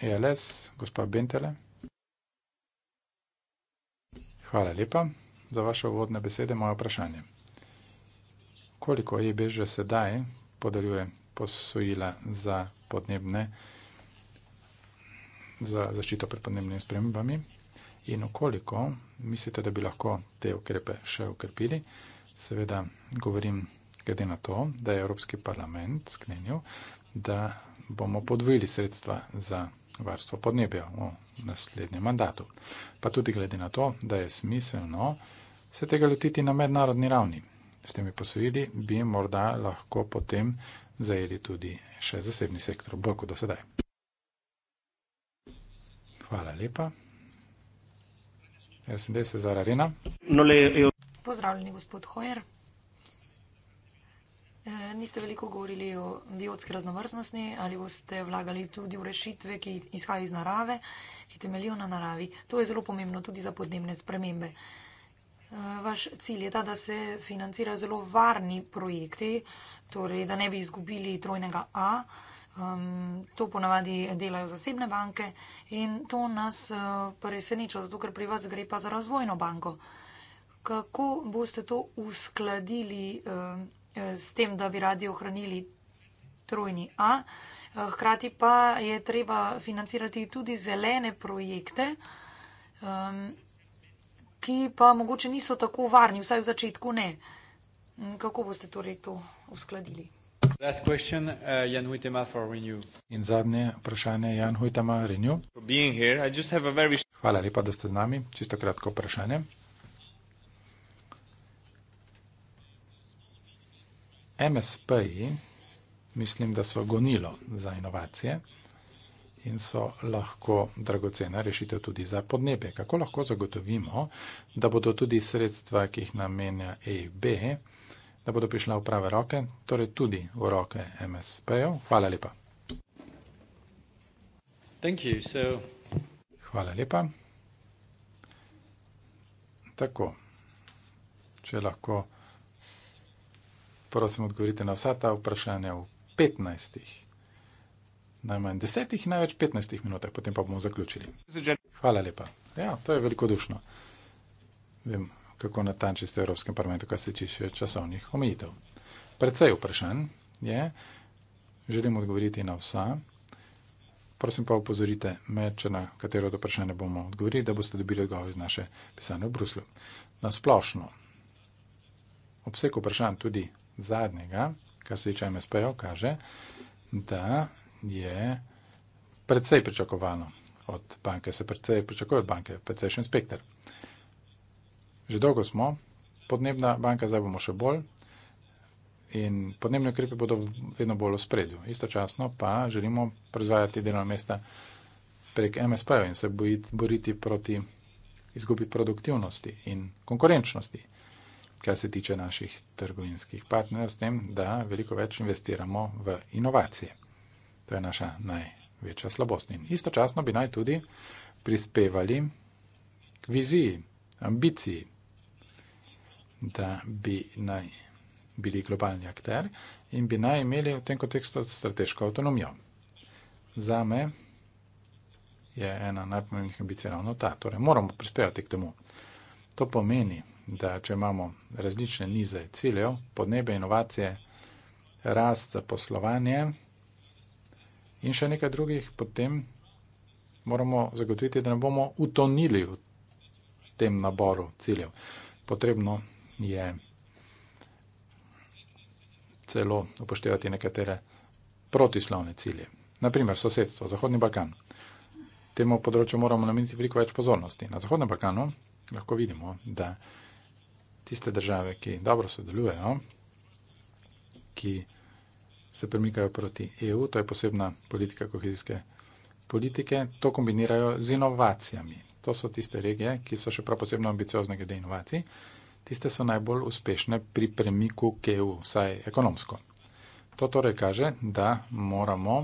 ELS, gospod Bentele. Hvala lepa za vaše uvodne besede, moje vprašanje. Koliko EIB že sedaj podeljuje posojila za podnebne, za zaščito pred podnebnimi spremembami? In okoliko mislite, da bi lahko te ukrepe še ukrepili, seveda govorim glede na to, da je Evropski parlament sklenil, da bomo podvojili sredstva za varstvo podnebja v naslednjem mandatu. Pa tudi glede na to, da je smiselno se tega lotiti na mednarodni ravni. S temi posojili bi morda lahko potem zajeli tudi še zasebni sektor, bolj kot do sedaj. Hvala lepa. Jaz sem desa za Arena. No, le, e, Pozdravljeni, gospod Hojer. E, niste veliko govorili o biotski raznovrstnosti ali boste vlagali tudi v rešitve, ki izhajajo iz narave, ki temeljijo na naravi. To je zelo pomembno tudi za podnebne spremembe. E, vaš cilj je ta, da se financirajo zelo varni projekti, torej da ne bi izgubili trojnega A. Um, to ponavadi delajo zasebne banke in to nas uh, preseneča, zato ker pri vas gre pa za razvojno banko. Kako boste to uskladili uh, s tem, da bi radi ohranili trojni A? Uh, hkrati pa je treba financirati tudi zelene projekte, um, ki pa mogoče niso tako varni, vsaj v začetku ne. Um, kako boste torej to uskladili? Last question, uh, Jan Huitema for Renew. In zadnje vprašanje, Jan Huitema, Renew. For being here, I just have a very... Hvala lepa, da ste z nami. Čisto kratko vprašanje. MSP-ji, mislim, da so gonilo za inovacije in so lahko dragocena rešitev tudi za podnebje. Kako lahko zagotovimo, da bodo tudi sredstva, ki jih namenja EIB, da bodo prišla v prave roke, torej tudi v roke MSP-jev. Hvala lepa. Hvala lepa. Tako, če lahko prosim odgovorite na vsa ta vprašanja v 15. najmanj 10. največ 15. minutah, potem pa bomo zaključili. Hvala lepa. Ja, to je velikodušno. Vem kako natančni ste v Evropskem parlamentu, kar se tiče časovnih omejitev. Predvsej vprašanj je, želim odgovoriti na vsa. Prosim pa upozorite me, če na katero od vprašanj ne bomo odgovorili, da boste dobili odgovor iz naše pisane v Bruslu. Na splošno, obseg vprašanj tudi zadnjega, kar se tiče MSP-ja, kaže, da je predvsej pričakovano od banke, se predvsej pričakuje od banke, predvsejšen spektr. Že dolgo smo, podnebna banka, zdaj bomo še bolj. In podnebne ukrepe bodo vedno bolj v spredju. Istočasno pa želimo proizvajati delovna mesta prek MSP-ja in se boriti proti izgubi produktivnosti in konkurenčnosti, kar se tiče naših trgovinskih partnerjev, s tem, da veliko več investiramo v inovacije. To je naša največja slabost. In istočasno bi naj tudi prispevali k viziji, ambiciji da bi naj bili globalni akter in bi naj imeli v tem kontekstu strateško avtonomijo. Za me je ena najpomembnejših ambicij ravno ta, torej moramo prispevati k temu. To pomeni, da če imamo različne nize ciljev, podnebe, inovacije, rast, zaposlovanje in še nekaj drugih, potem moramo zagotoviti, da ne bomo utonili v tem naboru ciljev. Potrebno je celo upoštevati nekatere protislavne cilje. Naprimer, sosedstvo, Zahodni Balkan. Temu področju moramo nameniti veliko več pozornosti. Na Zahodnem Balkanu lahko vidimo, da tiste države, ki dobro sodelujejo, ki se premikajo proti EU, to je posebna politika kohezijske politike, to kombinirajo z inovacijami. To so tiste regije, ki so še prav posebno ambiciozne glede inovacij tiste so najbolj uspešne pri premiku k EU, vsaj ekonomsko. To torej kaže, da moramo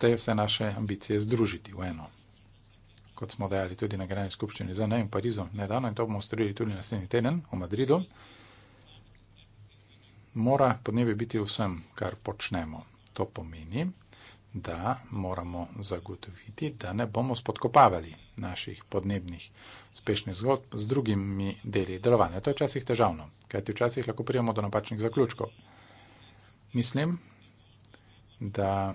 te vse naše ambicije združiti v eno. Kot smo dejali tudi na Grani skupščini za ne in Parizo nedavno in to bomo storili tudi naslednji teden v Madridu, mora podnebje biti vsem, kar počnemo. To pomeni, da moramo zagotoviti, da ne bomo spodkopavali naših podnebnih uspešnih zgodb z drugimi deli delovanja. To je včasih težavno, kajti včasih lahko prijemo do napačnih zaključkov. Mislim, da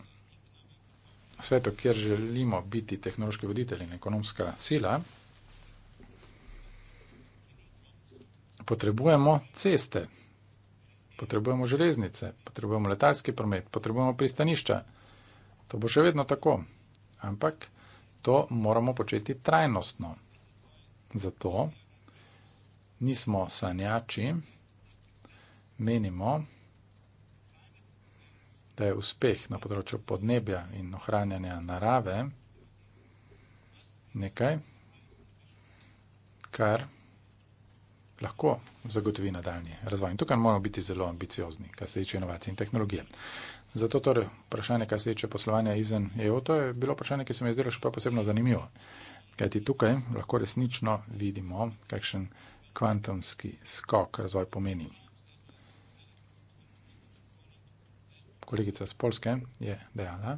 sveto, kjer želimo biti tehnološki voditelj in ekonomska sila, potrebujemo ceste, potrebujemo železnice, potrebujemo letalski promet, potrebujemo pristanišča. To bo še vedno tako. Ampak, to moramo početi trajnostno. Zato nismo sanjači, menimo, da je uspeh na področju podnebja in ohranjanja narave nekaj, kar lahko zagotovi nadaljni razvoj. In tukaj moramo biti zelo ambiciozni, kar se tiče inovacij in tehnologije. Zato torej vprašanje, kaj se tiče poslovanja izven EU, to je bilo vprašanje, ki se mi je zdelo še pa posebno zanimivo. Kaj ti tukaj lahko resnično vidimo, kakšen kvantumski skok razvoj pomeni. Kolegica z Polske je dejala,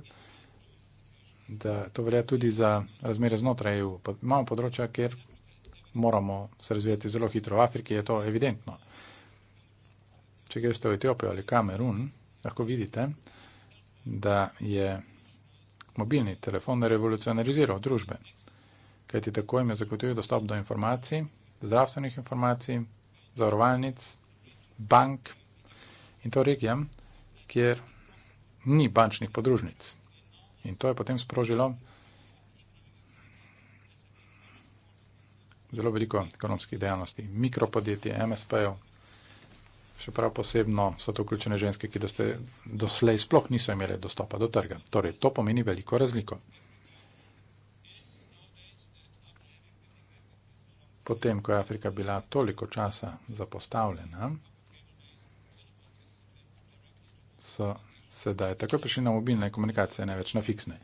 da to velja tudi za razmere znotraj EU. Imamo področja, kjer moramo se razvijati zelo hitro. V Afriki je to evidentno. Če greste v Etiopijo ali Kamerun, lahko vidite, da je mobilni telefon revolucionariziral družbe, kajti tako jim je zagotovil dostop do informacij, zdravstvenih informacij, zavarovalnic, bank in to regijam, kjer ni bančnih podružnic. In to je potem sprožilo zelo veliko ekonomskih dejavnosti, mikropodjetje, MSP-jev, še prav posebno so to vključene ženske, ki ste doslej sploh niso imele dostopa do trga. Torej, to pomeni veliko razliko. Potem, ko je Afrika bila toliko časa zapostavljena, so sedaj takoj prišli na mobilne komunikacije, ne več na fiksne.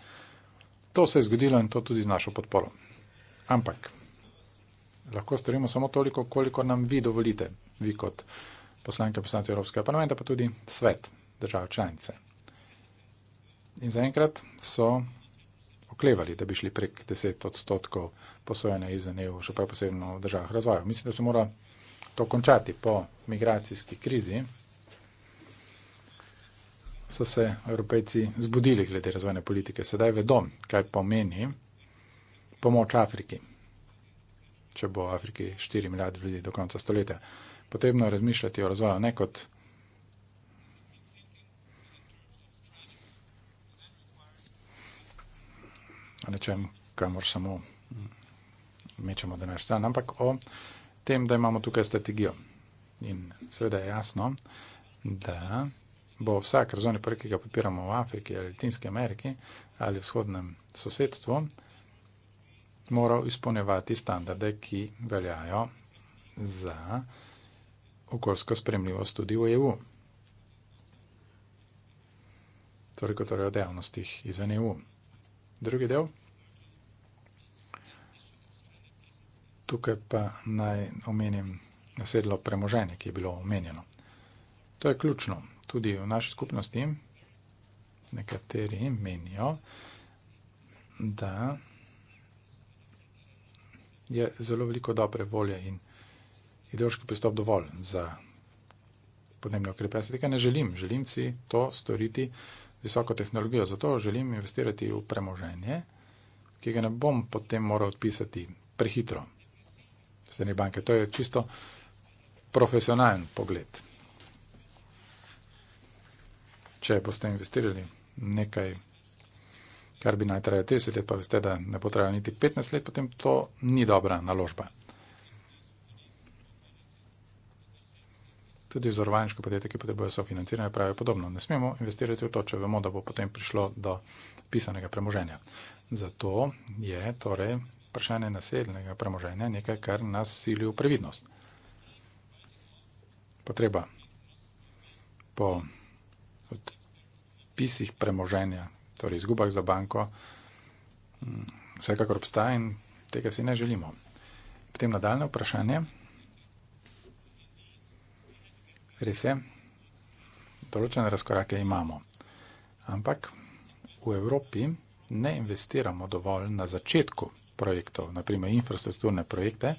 To se je zgodilo in to tudi z našo podporo. Ampak lahko storimo samo toliko, koliko nam vi dovolite, vi kot poslanke poslance Evropskega parlamenta, pa tudi svet držav članice. In zaenkrat so oklevali, da bi šli prek 10 odstotkov posojanja iz ZNEV, še prav posebno v državah razvoja. Mislim, da se mora to končati po migracijski krizi. So se evropejci zbudili glede razvojne politike. Sedaj vedo, kaj pomeni pomoč Afriki, če bo Afriki 4 milijarde ljudi do konca stoletja potrebno razmišljati o razvoju, ne kot nečem, kamor samo mečemo denar stran, ampak o tem, da imamo tukaj strategijo. In seveda je jasno, da bo vsak razvojni projekt, ki ga podpiramo v Afriki ali Latinske Ameriki ali vzhodnem sosedstvu, moral izpolnjevati standarde, ki veljajo za okoljska spremljivost tudi v EU. Torej, kot torej o dejavnostih izven EU. Drugi del. Tukaj pa naj omenim sedlo premoženje, ki je bilo omenjeno. To je ključno. Tudi v naši skupnosti nekateri menijo, da je zelo veliko dobre volje in ideološki pristop dovolj za podnebne okrepe. Jaz se tega ne želim. Želim si to storiti z visoko tehnologijo. Zato želim investirati v premoženje, ki ga ne bom potem moral odpisati prehitro. Srednje banke, to je čisto profesionalen pogled. Če boste investirali nekaj, kar bi naj trajalo 30 let, pa veste, da ne bo trajalo niti 15 let, potem to ni dobra naložba. tudi vzorovanjško podjetje, ki potrebuje sofinanciranje, pravijo podobno. Ne smemo investirati v to, če vemo, da bo potem prišlo do pisanega premoženja. Zato je torej vprašanje naseljenega premoženja nekaj, kar nas sili v previdnost. Potreba po odpisih premoženja, torej izgubah za banko, mm, vsekakor obstaja in tega si ne želimo. Potem nadaljne vprašanje. Res je, določene razkorake imamo. Ampak v Evropi ne investiramo dovolj na začetku projektov, naprimer infrastrukturne projekte,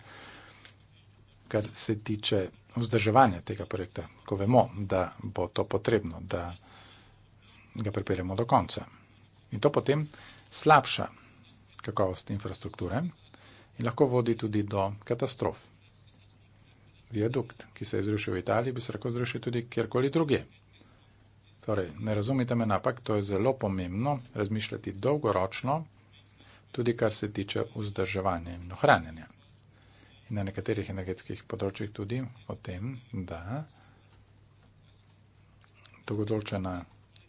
kar se tiče vzdrževanja tega projekta, ko vemo, da bo to potrebno, da ga pripeljemo do konca. In to potem slabša kakovost infrastrukture in lahko vodi tudi do katastrof viadukt, ki se je zrušil v Italiji, bi se lahko zrušil tudi kjerkoli druge. Torej, ne razumite me napak, to je zelo pomembno razmišljati dolgoročno, tudi kar se tiče vzdrževanja in ohranjanja. In na nekaterih energetskih področjih tudi o tem, da dolgodolčena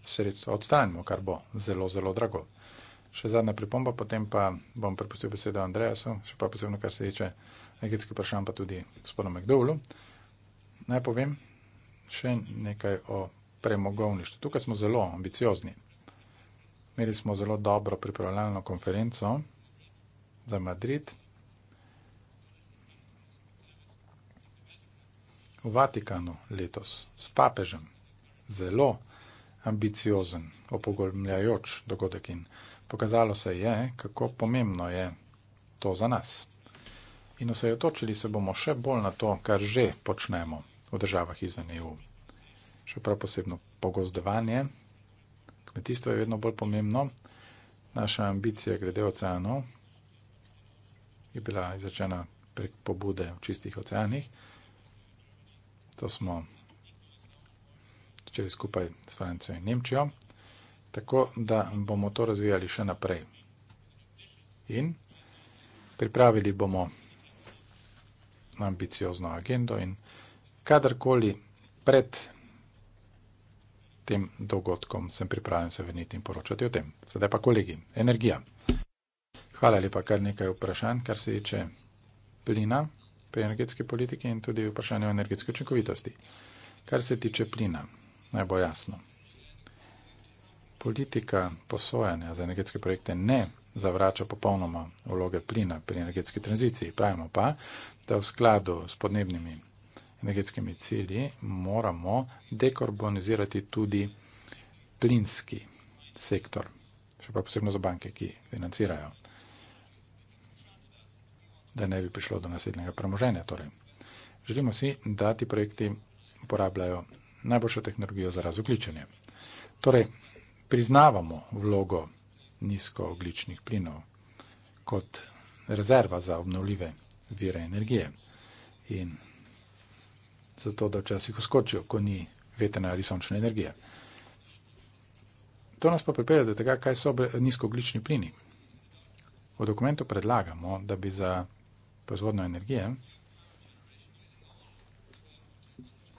sredstva odstranimo, kar bo zelo, zelo drago. Še zadnja pripomba, potem pa bom prepustil besedo Andreasu, še pa posebno, kar se tiče egipski vprašanj, pa tudi gospodu McDowellu. Naj povem še nekaj o premogovništvu. Tukaj smo zelo ambiciozni. Imeli smo zelo dobro pripravljeno konferenco za Madrid. V Vatikanu letos s papežem zelo ambiciozen, opogomljajoč dogodek in pokazalo se je, kako pomembno je to za nas in osredotočili se bomo še bolj na to, kar že počnemo v državah izven EU. Še prav posebno pogozdovanje, kmetijstvo je vedno bolj pomembno, naša ambicija glede oceanov je bila izrečena prek pobude v čistih oceanih. To smo začeli skupaj s Francijo in Nemčijo, tako da bomo to razvijali še naprej. In pripravili bomo ambiciozno agendo in kadarkoli pred tem dogodkom sem pripravljen se vrniti in poročati o tem. Sedaj pa kolegi, energija. Hvala lepa, kar nekaj vprašanj, kar se tiče plina pri energetski politiki in tudi vprašanje o energetski učinkovitosti. Kar se tiče plina, naj bo jasno. Politika posojanja za energetske projekte ne zavrača popolnoma vloge plina pri energetski tranziciji. Pravimo pa, da v skladu s podnebnimi energetskimi cilji moramo dekarbonizirati tudi plinski sektor, še pa posebno za banke, ki financirajo, da ne bi prišlo do naslednjega premoženja. Torej, želimo si, da ti projekti uporabljajo najboljšo tehnologijo za razogličenje. Torej, priznavamo vlogo nizkooglični plinov kot rezerva za obnovljive energije vire energije. In zato, da včasih uskočijo, ko ni vetrne ali sončne energije. To nas pa pripelje do tega, kaj so nizkooglični plini. V dokumentu predlagamo, da bi za proizvodno energije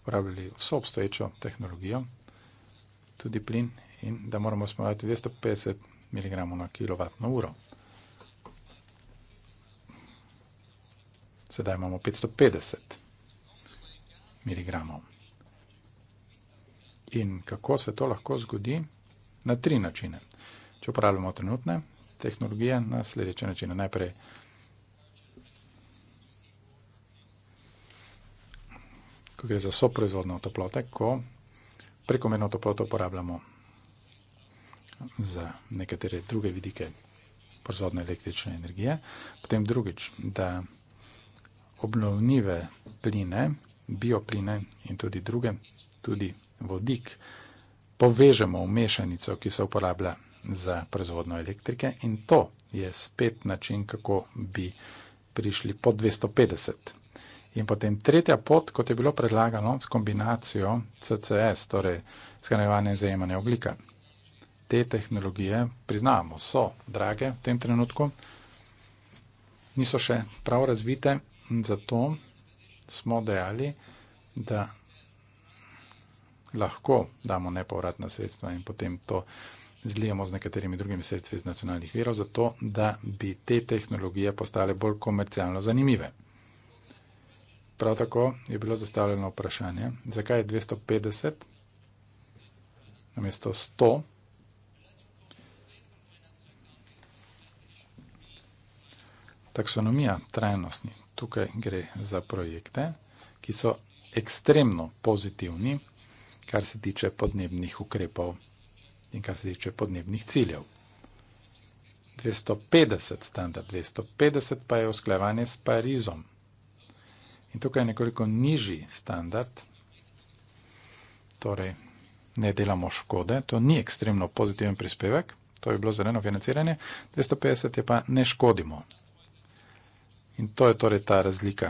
uporabljali vso obstoječo tehnologijo, tudi plin, in da moramo smrljati 250 mg na kWh. sedaj imamo 550 mg. In kako se to lahko zgodi? Na tri načine. Če uporabljamo trenutne tehnologije, na sledeče načine. Najprej Ko gre za soproizvodno toplote, ko prekomerno toploto uporabljamo za nekatere druge vidike proizvodne električne energije, potem drugič, da obnovljive pline, bioplina in tudi druge, tudi vodik, povežemo v mešanico, ki se uporablja za proizvodno elektrike, in to je spet način, kako bi prišli pod 250. In potem tretja pot, kot je bilo predlagano, s kombinacijo CCS, torej skrajevanje in zajemanje oglika. Te tehnologije, priznamo, so drage v tem trenutku, niso še prav razvite Zato smo dejali, da lahko damo nepovratna sredstva in potem to zlijemo z nekaterimi drugimi sredstvi iz nacionalnih verov, zato da bi te tehnologije postale bolj komercialno zanimive. Prav tako je bilo zastavljeno vprašanje, zakaj je 250 namesto 100. Taksonomija, trajnostni, tukaj gre za projekte, ki so ekstremno pozitivni, kar se tiče podnebnih ukrepov in kar se tiče podnebnih ciljev. 250 standard, 250 pa je usklajevanje s Parizom. In tukaj je nekoliko nižji standard, torej ne delamo škode, to ni ekstremno pozitiven prispevek, to je bilo zeleno financiranje, 250 je pa ne škodimo, In to je torej ta razlika,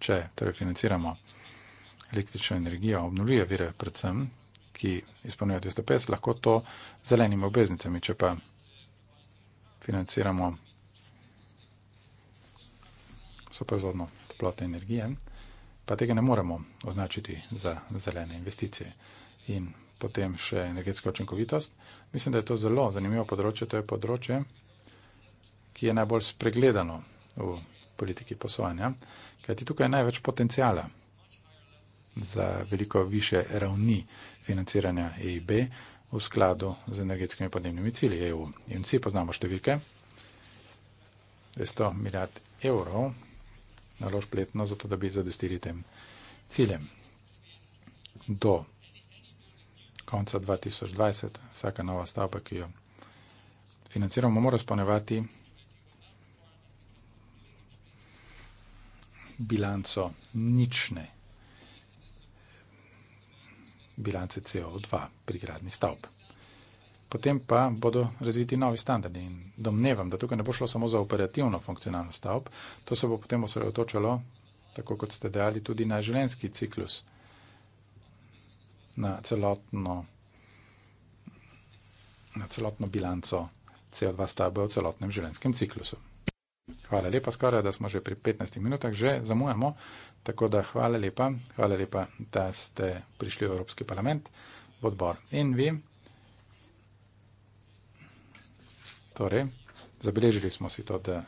če torej financiramo električno energijo, obnovljive vire predvsem, ki izpolnjuje 250, lahko to zelenimi obveznicami, če pa financiramo soprezodno toplote energije, pa tega ne moremo označiti za zelene investicije. In potem še energetska očinkovitost. Mislim, da je to zelo zanimivo področje, to je področje, ki je najbolj spregledano v politiki poslovanja, ker ti tukaj največ potencijala za veliko više ravni financiranja EIB v skladu z energetskimi podnebnimi cilji EU. In vsi poznamo številke. 200 milijard evrov naložb letno, zato da bi zadostili tem ciljem. Do konca 2020 vsaka nova stavba, ki jo financiramo, mora spolnevati bilanco nične bilance CO2 pri gradni stavb. Potem pa bodo razviti novi standardi in domnevam, da tukaj ne bo šlo samo za operativno funkcionalno stavb, to se bo potem osredotočalo, tako kot ste dejali, tudi na življenjski ciklus, na celotno, na celotno bilanco CO2 stavbe v celotnem življenjskem ciklusu. Hvala lepa, skoraj da smo že pri 15 minutah, že zamujamo. Tako da hvala lepa, hvala lepa, da ste prišli v Evropski parlament, v odbor. In vi, torej, zabeležili smo si to, da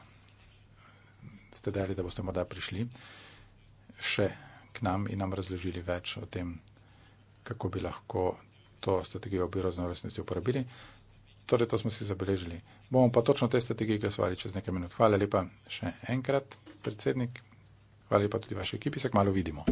ste dali, da boste morda prišli še k nam in nam razložili več o tem, kako bi lahko to strategijo bioraznovrstnosti uporabili torej to smo si zabeležili. Bomo pa točno te strategije glasovali čez nekaj minut. Hvala lepa še enkrat, predsednik. Hvala lepa tudi vaši ekipi, se kmalo vidimo.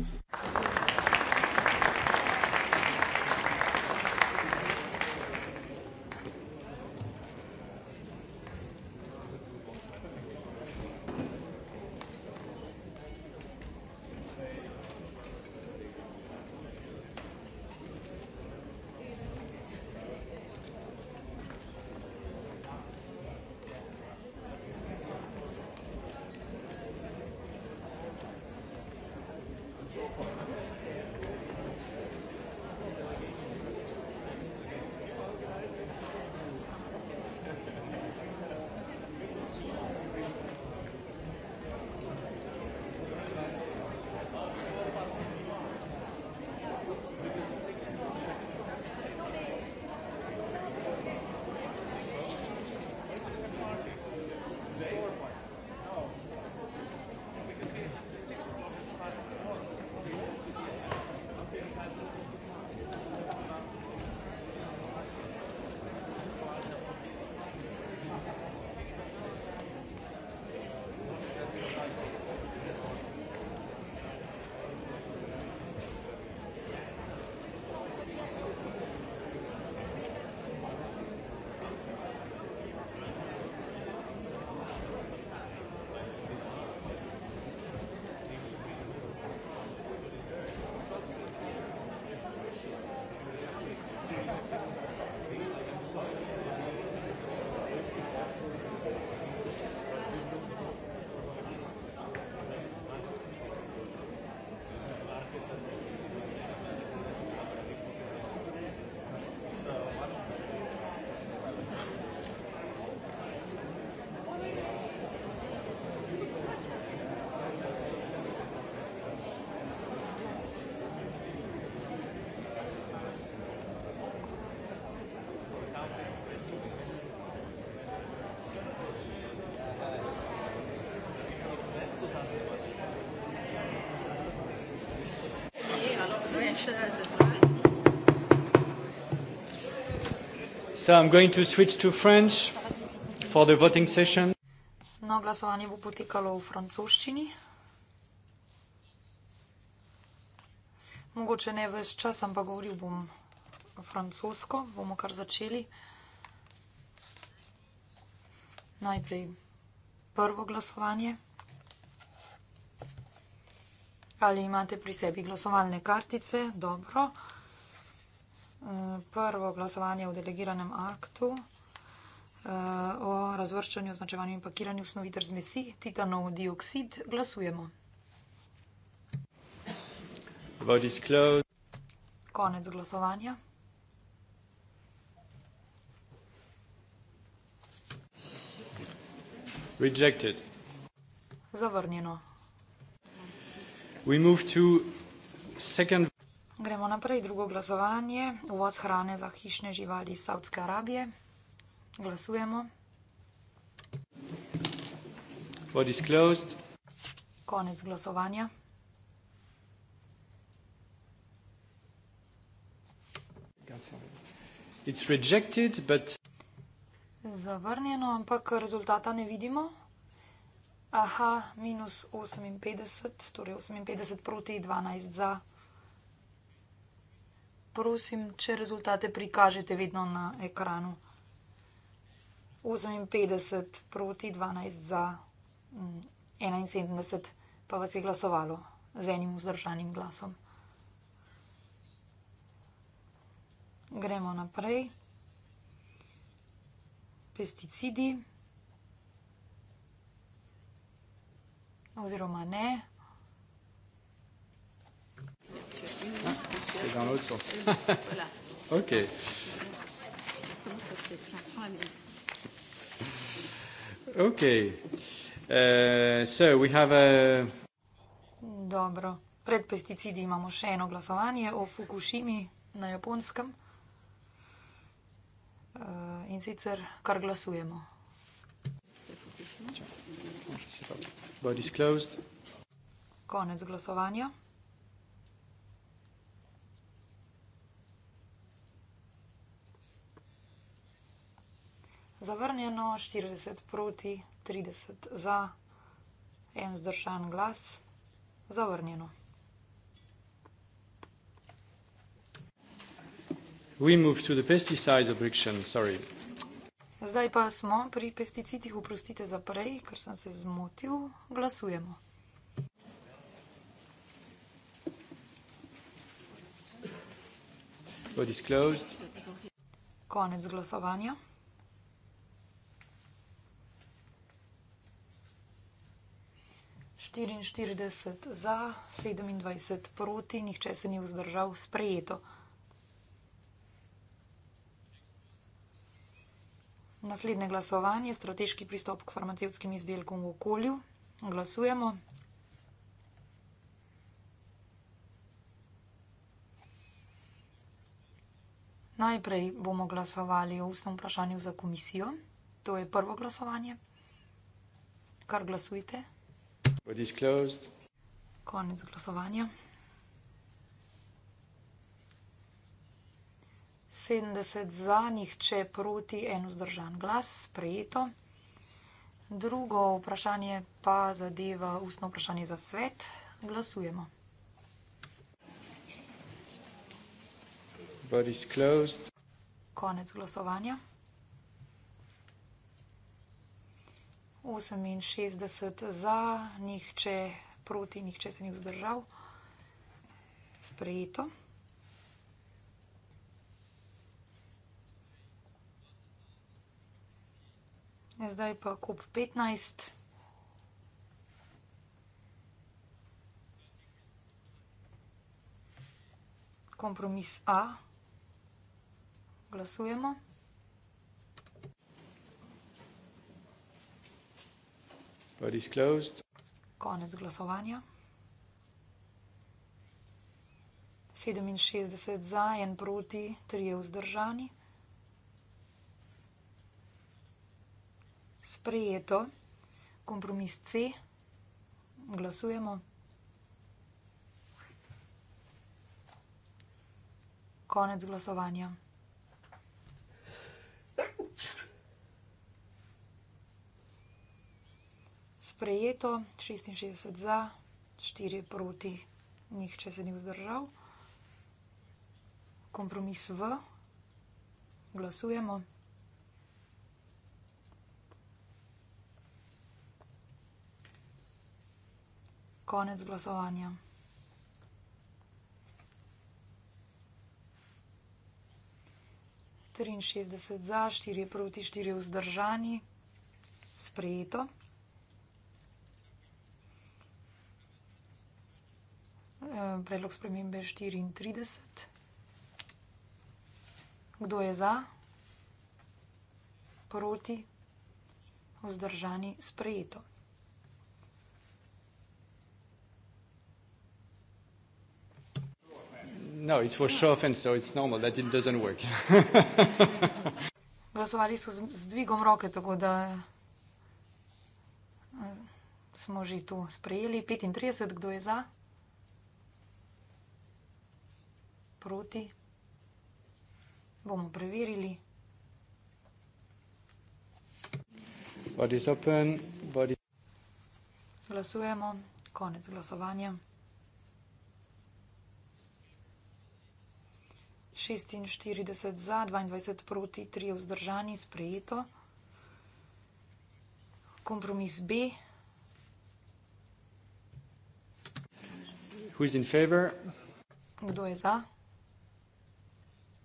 So I'm going to switch to French for the voting session. No, glasovanje bo potekalo v francoščini. Mogoče ne ves čas, ampak govoril bom francosko. Bomo kar začeli. Najprej prvo glasovanje. Ali imate pri sebi glasovalne kartice? Dobro. Prvo glasovanje v delegiranem aktu eh, o razvrščanju, označevanju in pakiranju snovi ter zmesi, titanov dioksid. Glasujemo. Konec glasovanja. Rejected. Zavrnjeno. Second... Gremo naprej, drugo glasovanje. Uvoz hrane za hišne živali iz Saudske Arabije. Glasujemo. Konec glasovanja. It's rejected, but... Zavrnjeno, ampak rezultata ne vidimo. Aha, minus 58, torej 58 proti 12 za. Prosim, če rezultate prikažete vedno na ekranu. 58 proti 12 za, 71 mm, pa vas je glasovalo z enim vzdržanim glasom. Gremo naprej. Pesticidi. oziroma ne. C'est dans l'autre sens. OK. OK. Uh, so we have a... Dobro. Pred pesticidi imamo še eno glasovanje o Fukushimi na japonskem. Uh, in sicer kar glasujemo. Fukushima. Vote is closed. Konec glasovanja. Zavrnjeno 40 proti 30 za en zdržan glas. Zavrnjeno. We move to the pesticides objection, sorry. Zdaj pa smo pri pesticidih, oprostite za prej, ker sem se zmotil, glasujemo. Konec glasovanja. Štiriinštirideset za, sedemindvajset proti, nihče se ni vzdržal, sprejeto. Naslednje glasovanje, strateški pristop k farmacevskim izdelkom v okolju. Glasujemo. Najprej bomo glasovali o ustnem vprašanju za komisijo. To je prvo glasovanje. Kar glasujte. Konec glasovanja. 70 za, nihče proti, en vzdržan glas, sprejeto. Drugo vprašanje pa zadeva ustno vprašanje za svet. Glasujemo. Konec glasovanja. 68 za, nihče proti, nihče se ni vzdržal. Sprejeto. Zdaj pa kup 15. Kompromis A. Glasujemo. Body's closed. Konec glasovanja. 67 za, 1 proti, 3 vzdržani. Sprejeto. Kompromis C. Glasujemo. Konec glasovanja. Sprejeto, 66 za, 4 proti, nihče se ni vzdržal. Kompromis V. Glasujemo. konec glasovanja. Trinšestdeset za, štiri proti, štiri vzdržani, sprejeto. E, predlog spremembe je štiriintrideset. Kdo je za? Proti, vzdržani, sprejeto. No, it's for chauffeur, so it's normal that it doesn't work. *laughs* Glasovali so z, z dvigom roke, tako da eh, smo že tu sprejeli 35, kdo je za? Proti. Bomo preverili. Body is open. Body. Glasujemo. Konec glasovanja. 46 za, 22 proti, 3 vzdržani, sprejeto. Kompromis B. Kdo je za?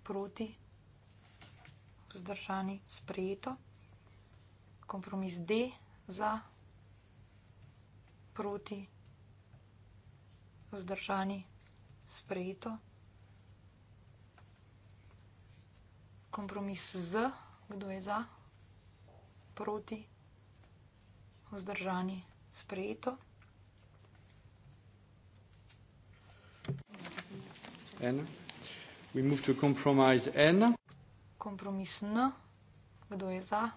Proti, vzdržani, sprejeto. Kompromis D za, proti, vzdržani, sprejeto. kompromis z, kdo je za, proti, vzdržani, sprejeto. N. We move to compromise N. Kompromis N, kdo je za,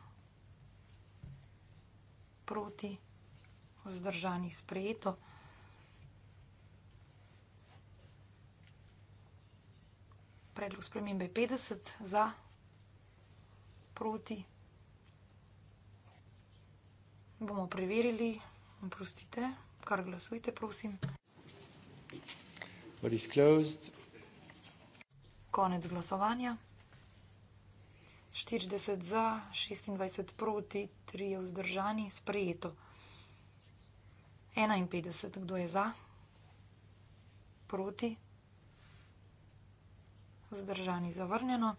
proti, vzdržani, sprejeto. Predlog spremembe 50 za proti. Bomo preverili, oprostite, kar glasujte, prosim. Konec glasovanja. 40 za, 26 proti, 3 je vzdržani, sprejeto. 51, kdo je za, proti, vzdržani, zavrnjeno.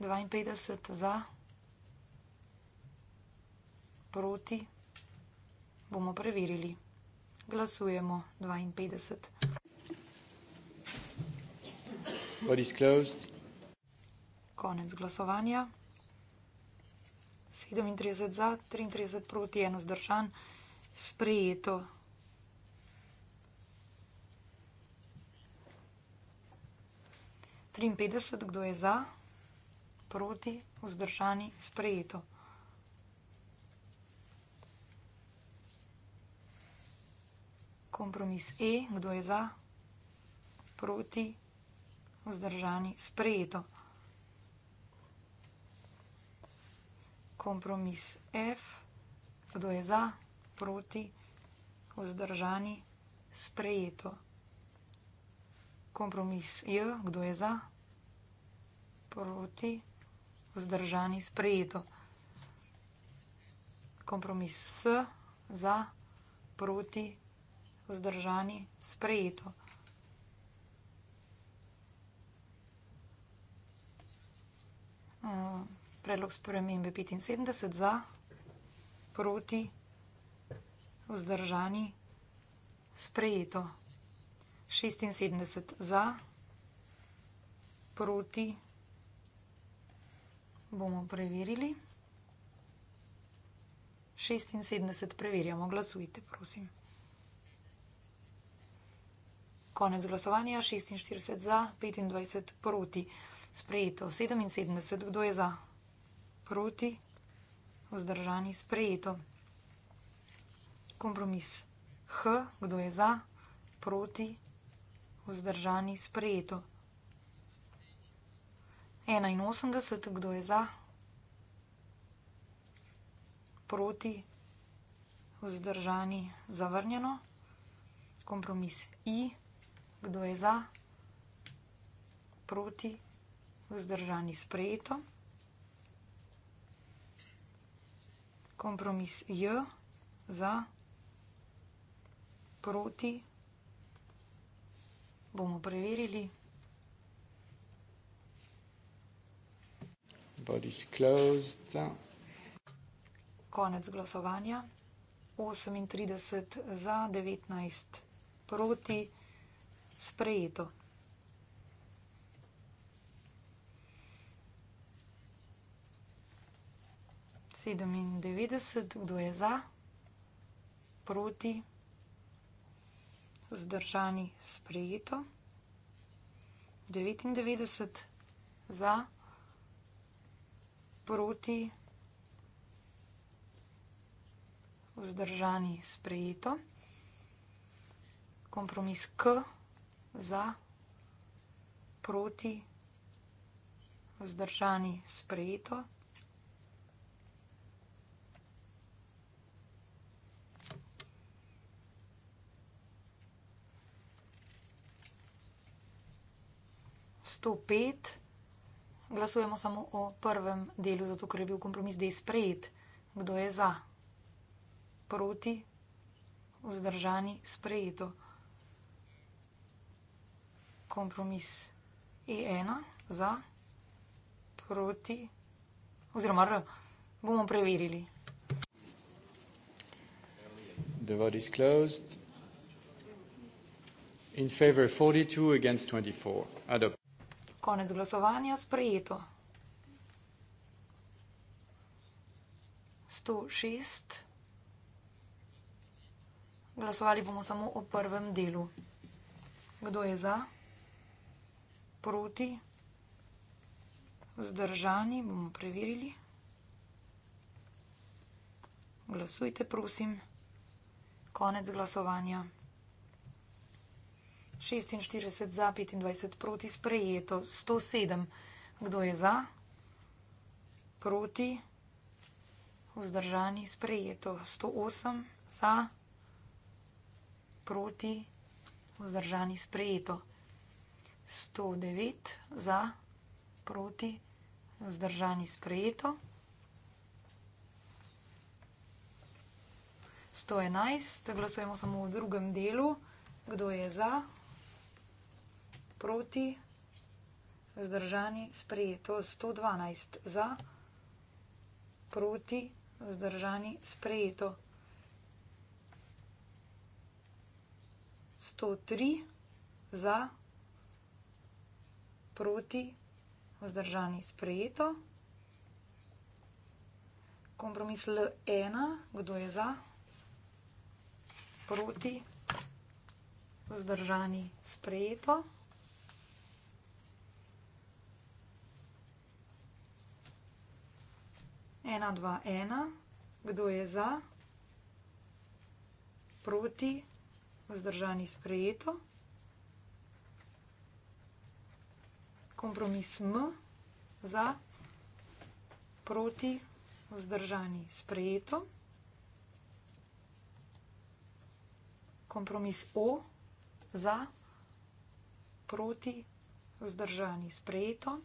52 za, proti, bomo preverili. Glasujemo 52. What is closed? Konec glasovanja. 37 za, 33 proti, eno zdržan, sprejeto. Trinpetdeset, kdo je za? proti, vzdržani, sprejeto. Kompromis E, kdo je za, proti, vzdržani, sprejeto. Kompromis F, kdo je za, proti, vzdržani, sprejeto. Kompromis J, kdo je za, proti, vzdržani, sprejeto vzdržani, sprejeto. Kompromis S za, proti, vzdržani, sprejeto. Uh, predlog spremembe 75 za, proti, vzdržani, sprejeto. 76 za, proti, vzdržani, sprejeto. Bomo preverili. 76 preverjamo. Glasujte, prosim. Konec glasovanja. 46 za, 25 proti. Sprejeto. 77. Kdo je za? Proti. Vzdržani. Sprejeto. Kompromis. H. Kdo je za? Proti. Vzdržani. Sprejeto. 81, kdo je za, proti, vzdržani, zavrnjeno, kompromis I, kdo je za, proti, vzdržani, sprejeto, kompromis J, za, proti, bomo preverili. body's closed. Konec glasovanja. 38 za, 19 proti, sprejeto. Sedemindevetdeset, kdo je za, proti, zdržani, sprejeto. Devetindevetdeset za proti, vzdržani sprejeto. Kompromis K za, proti, vzdržani sprejeto. Sto pet. Glasujemo samo o prvem delu, zato ker je bil kompromis D sprejet. Kdo je za? Proti? Vzdržani? Sprejeto. Kompromis E1 za? Proti? Oziroma R. Bomo preverili. The vote is closed. In favor 42 against 24. Adopt. Konec glasovanja sprejeto. 106. Glasovali bomo samo o prvem delu. Kdo je za? Proti? Zdržani bomo preverili. Glasujte, prosim. Konec glasovanja. 46 za, 25 proti, sprejeto 107. Kdo je za? Proti, vzdržani, sprejeto 108 za, proti, vzdržani, sprejeto 109 za, proti, vzdržani, sprejeto 111. Glasujemo samo v drugem delu. Kdo je za? proti, vzdržani, sprejeto 112 za, proti, vzdržani, sprejeto 103 za, proti, vzdržani, sprejeto. Kompromis L1, kdo je za, proti, vzdržani, sprejeto. ena, dva, ena. Kdo je za? Proti? Vzdržani sprejeto. Kompromis M za, proti, vzdržani sprejeto. Kompromis O za, proti, vzdržani sprejeto.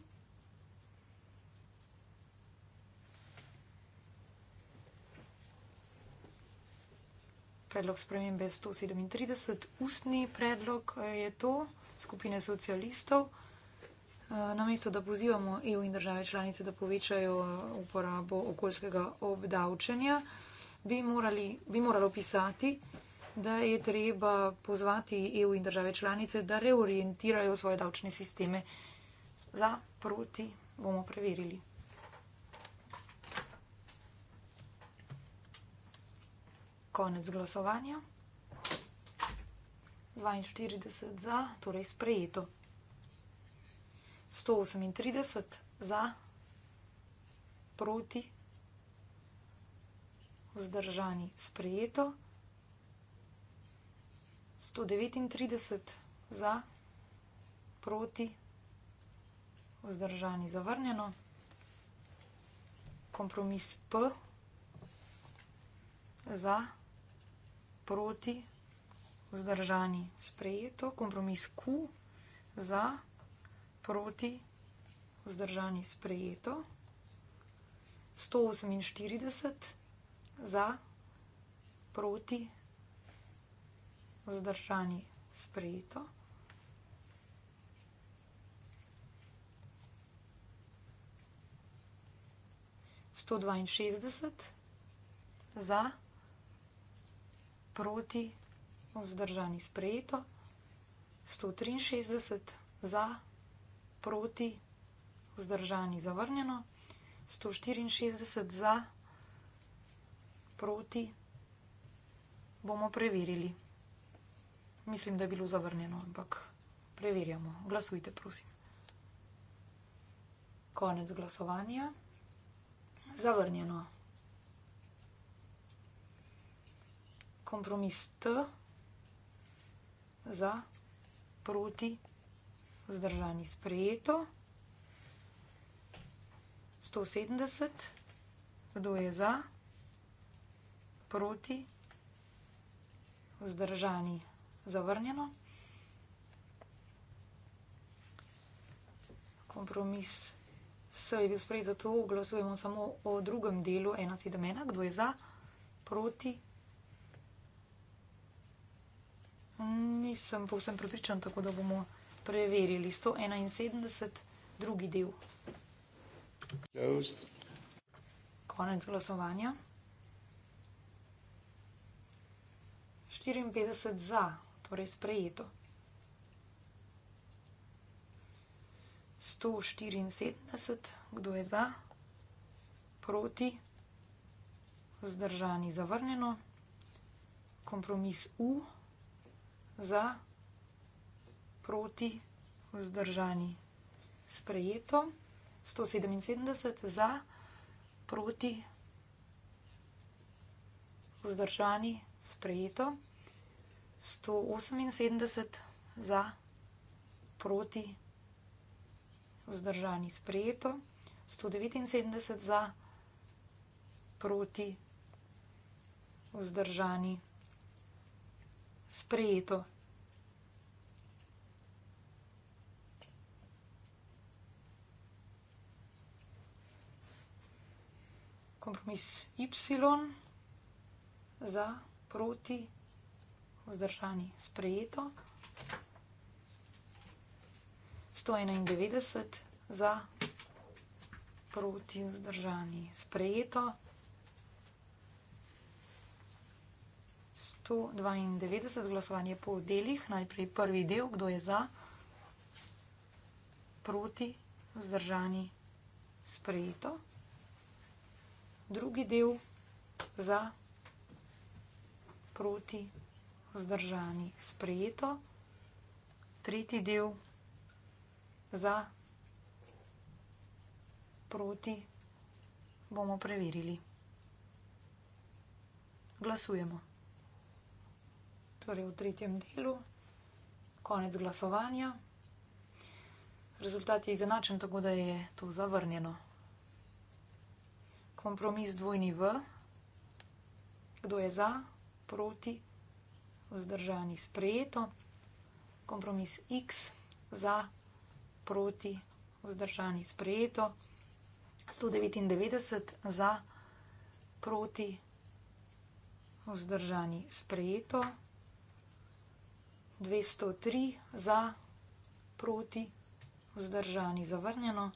predlog spremembe 137, ustni predlog eh, je to, skupine socialistov. Eh, namesto da pozivamo EU in države članice, da povečajo eh, uporabo okoljskega obdavčanja, bi, morali, bi moralo pisati, da je treba pozvati EU in države članice, da reorientirajo svoje davčne sisteme. Za, proti, bomo preverili. Konec glasovanja. 42 za, torej sprejeto. 138 za, proti, vzdržani, sprejeto. 139 za, proti, vzdržani, zavrnjeno. Kompromis P za proti, vzdržani, sprejeto, kompromis Q za, proti, vzdržani, sprejeto, 148 za, proti, vzdržani, sprejeto. Sto dvainšestdeset za proti, vzdržani sprejeto, 163 za, proti, vzdržani zavrnjeno, 164 za, proti, bomo preverili. Mislim, da je bilo zavrnjeno, ampak preverjamo. Glasujte, prosim. Konec glasovanja. Zavrnjeno. kompromis T za, proti, vzdržani, sprejeto. 170, kdo je za, proti, vzdržani, zavrnjeno. Kompromis S je bil sprejet, zato glasujemo samo o drugem delu 1,7. Kdo je za, proti, vzdržani. Nisem povsem pripričan, tako da bomo preverili 171, drugi del. Closed. Konec glasovanja. 54 za, torej sprejeto. 174, kdo je za, proti, vzdržani, zavrnjeno, kompromis U za, proti, vzdržani. Sprejeto. 177 za, proti, vzdržani. Sprejeto. 178 za, proti, vzdržani. Sprejeto. 179 za, proti, vzdržani. Sprejeto sprejeto. Kompromis Y za, proti, vzdržani, sprejeto. 191 za, proti, vzdržani, sprejeto. tu 92, glasovanje po delih. Najprej prvi del, kdo je za, proti, vzdržani, sprejeto. Drugi del, za, proti, vzdržani, sprejeto. Tretji del, za, proti, bomo preverili. Glasujemo torej v tretjem delu, konec glasovanja. Rezultat je izenačen, tako da je to zavrnjeno. Kompromis dvojni V. Kdo je za, proti, vzdržani, sprejeto. Kompromis X, za, proti, vzdržani, sprejeto. 199 za, proti, vzdržani, sprejeto. 203 za, proti, vzdržani, zavrnjeno.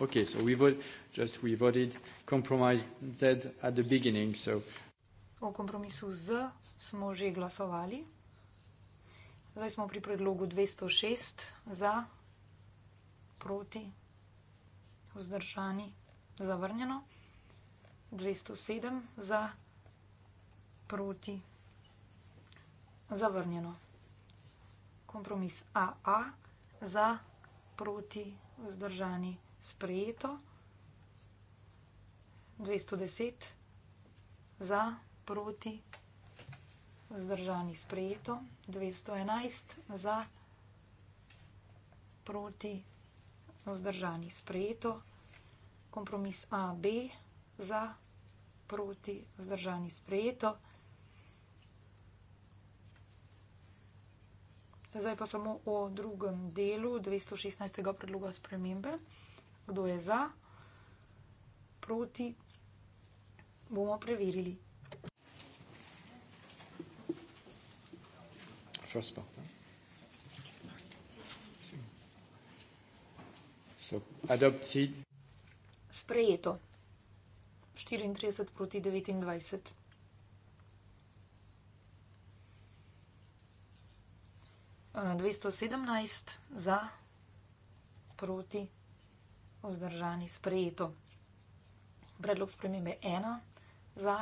Okay, so we vote just we voted compromise Z at the beginning, so o kompromisu Z smo že glasovali. Zdaj smo pri predlogu 206 za, proti, vzdržani, zavrnjeno. 207 za, proti, zavrnjeno. Kompromis AA za, proti, vzdržani, sprejeto. 210 za, proti, vzdržani, sprejeto. 211 za, proti, vzdržani vzdržani, sprejeto, kompromis A, B za, proti, vzdržani, sprejeto. Zdaj pa samo o drugem delu 216. predloga spremembe. Kdo je za, proti, bomo preverili. First spot, huh? Sprejeto. 34 proti 29. Uh, 217 za, proti, vzdržani, sprejeto. Predlog spremembe 1 za,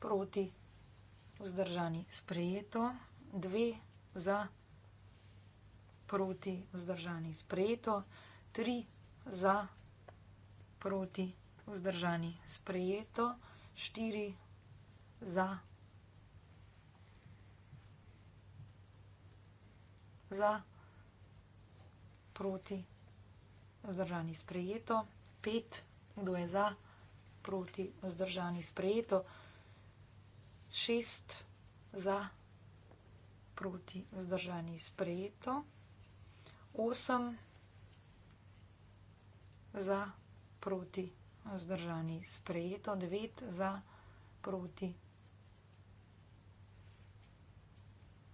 proti, vzdržani, sprejeto. 2 za, proti, vzdržani, sprejeto tri za, proti, vzdržani, sprejeto, štiri za, za, proti, vzdržani, sprejeto, pet, kdo je za, proti, vzdržani, sprejeto, šest za, proti, vzdržani, sprejeto, osem, za, proti, vzdržani. Sprejeto, devet za, proti.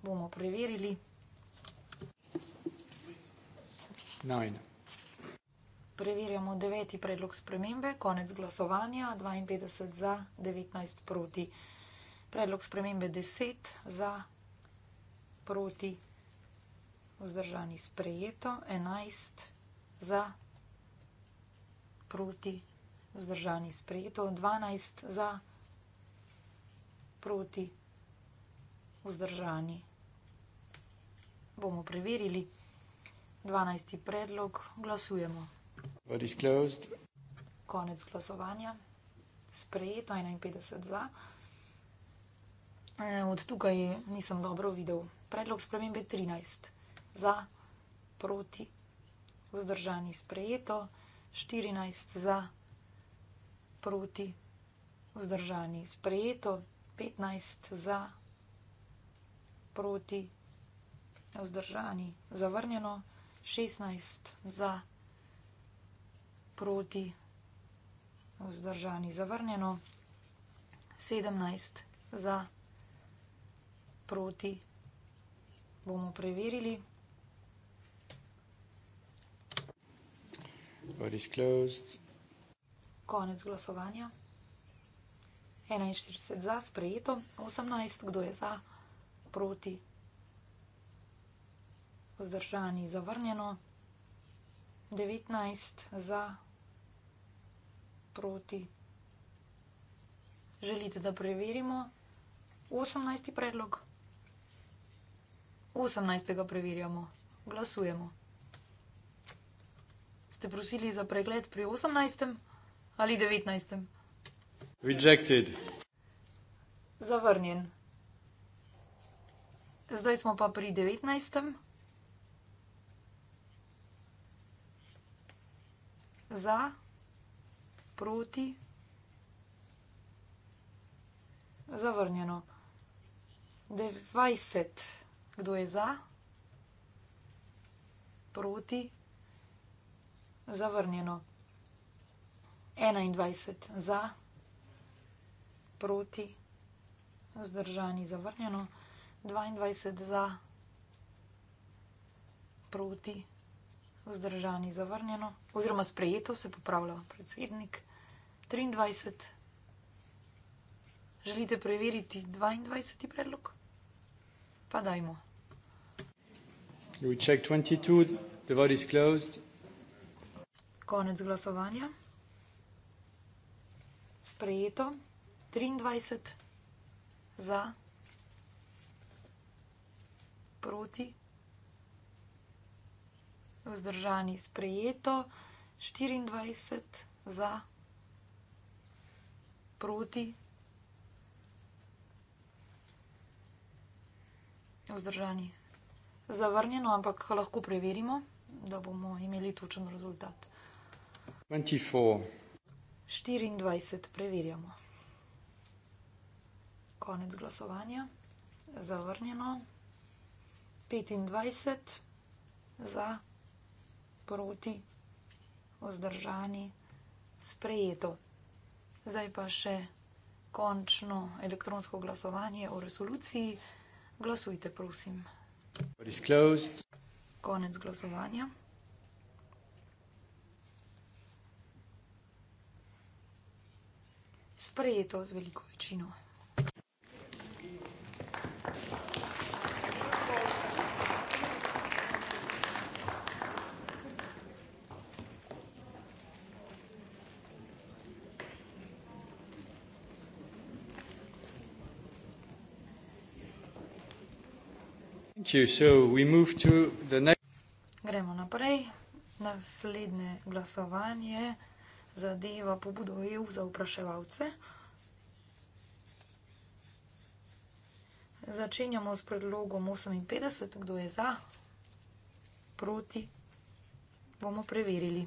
Bomo preverili. Nine. Preverjamo deveti predlog spremembe, konec glasovanja, 52 za, 19 proti. Predlog spremembe 10 za, proti, vzdržani sprejeto, 11 za, proti, vzdržani sprejeto, 12 za, proti, vzdržani. Bomo preverili 12. predlog, glasujemo. Konec glasovanja, sprejeto 51 za. Eh, od tukaj nisem dobro videl. Predlog spremembe 13 za, proti, vzdržani sprejeto. 14 za, proti, vzdržani, sprejeto, 15 za, proti, vzdržani, zavrnjeno, 16 za, proti, vzdržani, zavrnjeno, 17 za, proti, bomo preverili. Vote is closed. Konec glasovanja. 41 za, sprejeto. 18, kdo je za, proti, vzdržani, zavrnjeno. 19 za, proti. Želite, da preverimo 18. predlog? 18. preverjamo, glasujemo ste prosili za pregled pri 18. ali 19. Rejected. Zavrnjen. Zdaj smo pa pri 19. Za, proti, zavrnjeno. 20. Kdo je za, proti, zavrnjeno. Zavrnjeno. 21 za, proti, zdržani, zavrnjeno. 22 za, proti, zdržani, zavrnjeno. Oziroma sprejeto se popravlja predsednik. 23. Želite preveriti 22. predlog? Pa dajmo. We check 22. The vote is closed. Konec glasovanja. Sprejeto. 23 za, proti, vzdržani sprejeto. 24 za, proti, vzdržani zavrnjeno, ampak lahko preverimo, da bomo imeli točen rezultat. 24 preverjamo. Konec glasovanja. Zavrnjeno. 25 za, proti, vzdržani, sprejeto. Zdaj pa še končno elektronsko glasovanje o resoluciji. Glasujte, prosim. Konec glasovanja. sprejeto z veliko večino. Gremo naprej. Naslednje glasovanje zadeva pobudo EU za upraševalce. Začenjamo s predlogom 58, kdo je za, proti, bomo preverili.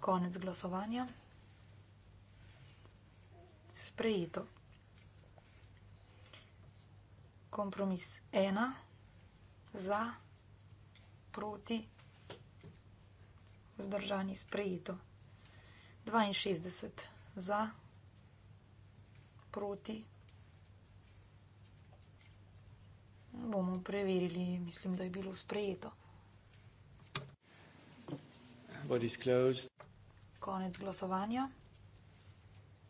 Konec glasovanja. Sprejeto. Kompromis ena za, proti, vzdržani, sprejeto. 62 za, proti. Bomo preverili, mislim, da je bilo sprejeto. Konec glasovanja.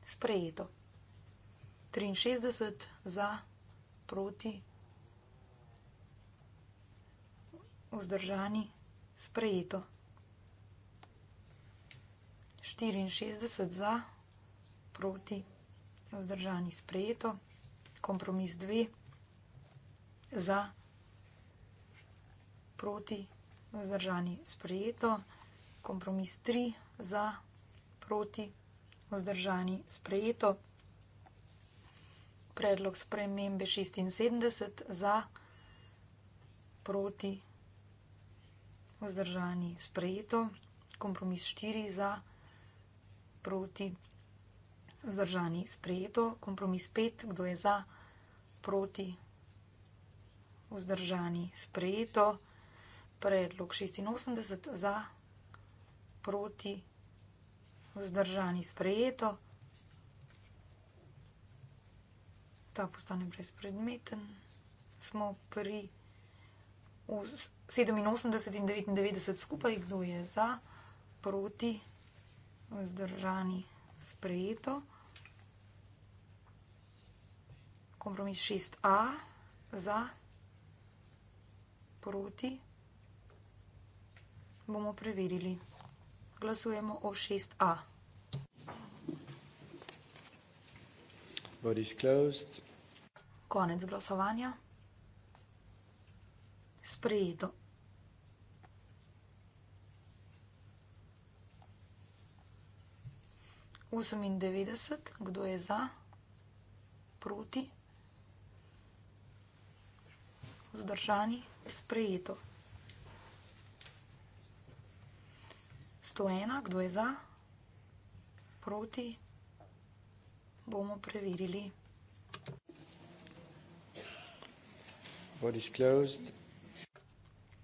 Sprejeto. 63 za, proti. vzdržani, sprejeto. 64 za, proti, vzdržani, sprejeto. Kompromis 2 za, proti, vzdržani, sprejeto. Kompromis 3 za, proti, vzdržani, sprejeto. Predlog spremembe 76 za, proti, vzdržani, sprejeto vzdržani, sprejeto, kompromis štiri za, proti, vzdržani, sprejeto, kompromis pet, kdo je za, proti, vzdržani, sprejeto, predlog 86 za, proti, vzdržani, sprejeto, ta postane brezpredmeten, smo pri v 87 in 99 skupaj, kdo je za, proti, vzdržani, sprejeto. Kompromis 6a za, proti, bomo preverili. Glasujemo o 6a. Konec glasovanja sprejeto. Osemindevetdeset, kdo je za, proti, vzdržani, sprejeto. Sto ena, kdo je za, proti, bomo preverili. Vote is closed.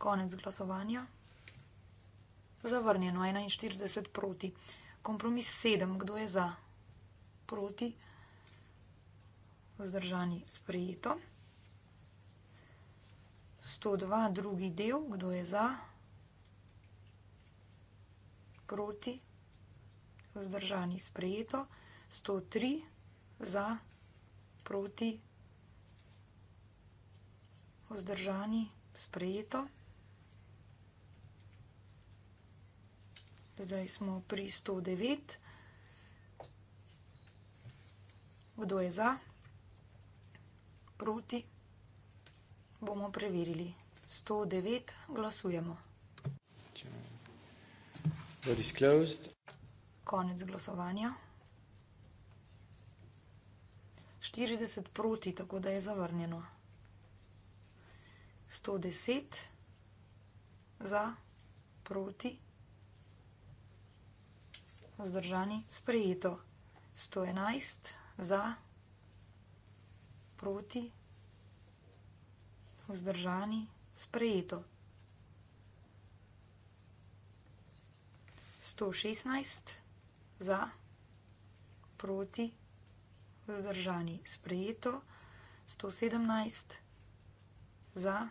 Konec glasovanja. Zavrnjeno 41 proti. Kompromis 7. Kdo je za? Proti. Vzdržani sprejeto. 102. Drugi del. Kdo je za? Proti. Vzdržani sprejeto. 103. Za. Proti. Vzdržani sprejeto. 103. Zdaj smo pri 109. Kdo je za? Proti? Bomo preverili. 109 glasujemo. Konec glasovanja. 40 proti, tako da je zavrnjeno. 110 za, proti vzdržani, sprejeto. 111 za, proti, vzdržani, sprejeto. 116 za, proti, vzdržani, sprejeto. 117 za, proti, vzdržani, sprejeto.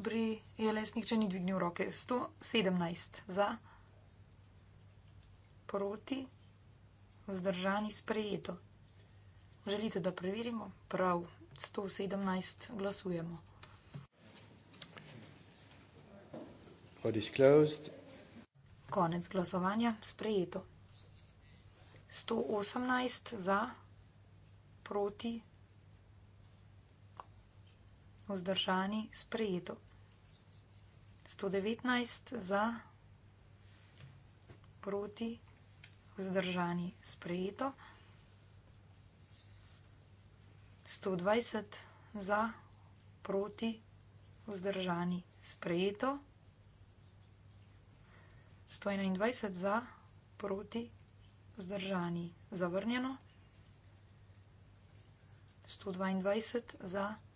Bri je les, nihče ni dvignil roke. 117 za, proti, vzdržani, sprejeto. Želite, da preverimo? Prav, 117 glasujemo. Konec glasovanja, sprejeto. 118 za, proti, vzdržani, sprejeto. 119 za, proti, vzdržani, sprejeto. 120 za, proti, vzdržani, sprejeto. 121 za, proti, vzdržani, zavrnjeno. 122 za, proti, vzdržani, sprejeto.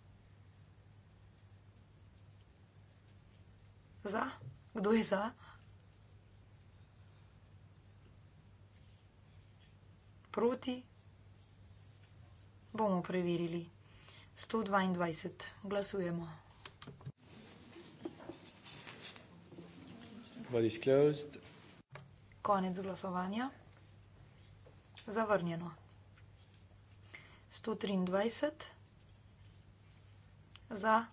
Za? Kdo je za? Proti? Bomo preverili. 122. Glasujemo. Vod is closed. Konec glasovanja. Zavrnjeno. 123. Za?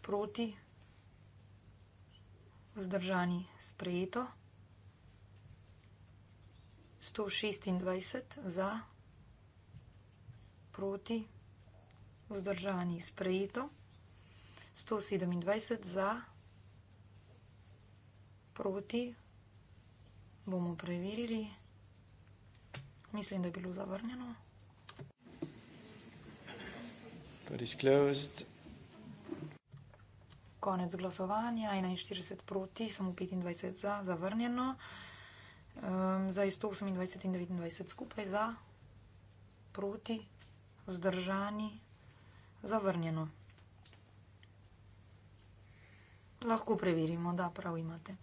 Proti? Proti? vzdržani, sprejeto. 126 za, proti, vzdržani, sprejeto. 127 za, proti, bomo preverili. Mislim, da je bilo zavrnjeno. But it's closed konec glasovanja, 41 proti, samo 25 za, zavrnjeno. Um, zdaj 128 in 29 skupaj za, proti, vzdržani, zavrnjeno. Lahko preverimo, da prav imate.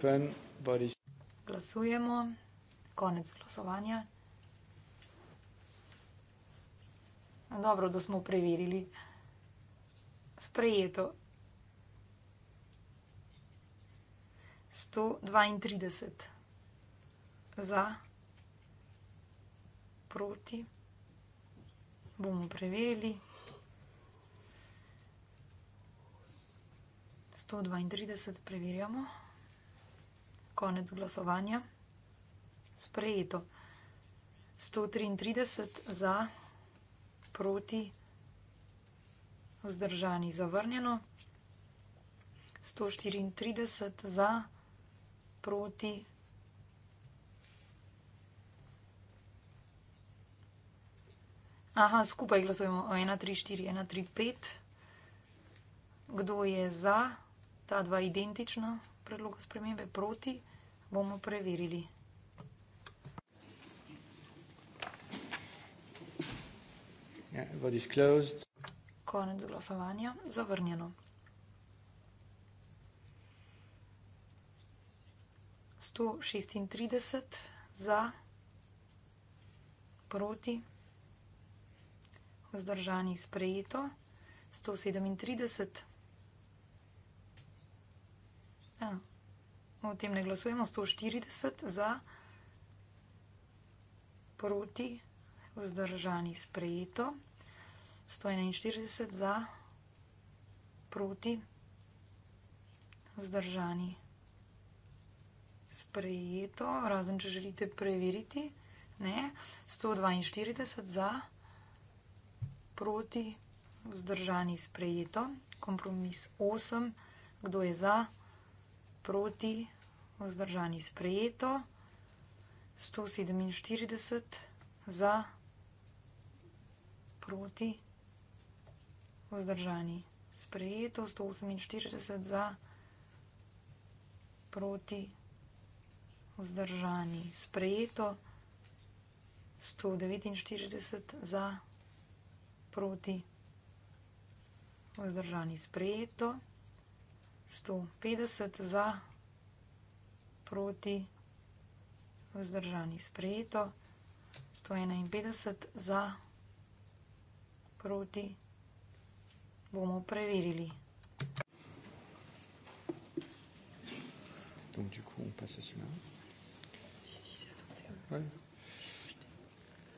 Pen, is... Glasujemo, konec glasovanja. Dobro, da smo preverili sprejeto. 132 za, proti, bomo preverili. 132 preverjamo, konec glasovanja, sprejeto. 133 za, proti, proti vzdržani, zavrnjeno. 134 za, proti. Aha, skupaj glasujemo 1, 3, 4, 1, 3, 5. Kdo je za, ta dva identična predloga spremembe, proti, bomo preverili. Yeah, what is closed? Konec glasovanja. Zavrnjeno. 136 za, proti, vzdržani sprejeto. 137. A, ja, o tem ne glasujemo. 140 za, proti, vzdržani sprejeto. 141 za, proti, vzdržani. Sprejeto, razen če želite preveriti, ne. 142 za, proti, vzdržani. Sprejeto, kompromis 8, kdo je za, proti, vzdržani. Sprejeto, 147 za, proti, vzdržani vzdržani. Sprejeto 148 za, proti vzdržani. Sprejeto 149 za, proti vzdržani. Sprejeto 150 za, proti vzdržani. Sprejeto 151 za, proti vzdržani bomo preverili. Donc, du coup, on passe à celui-là. Si, si, ouais.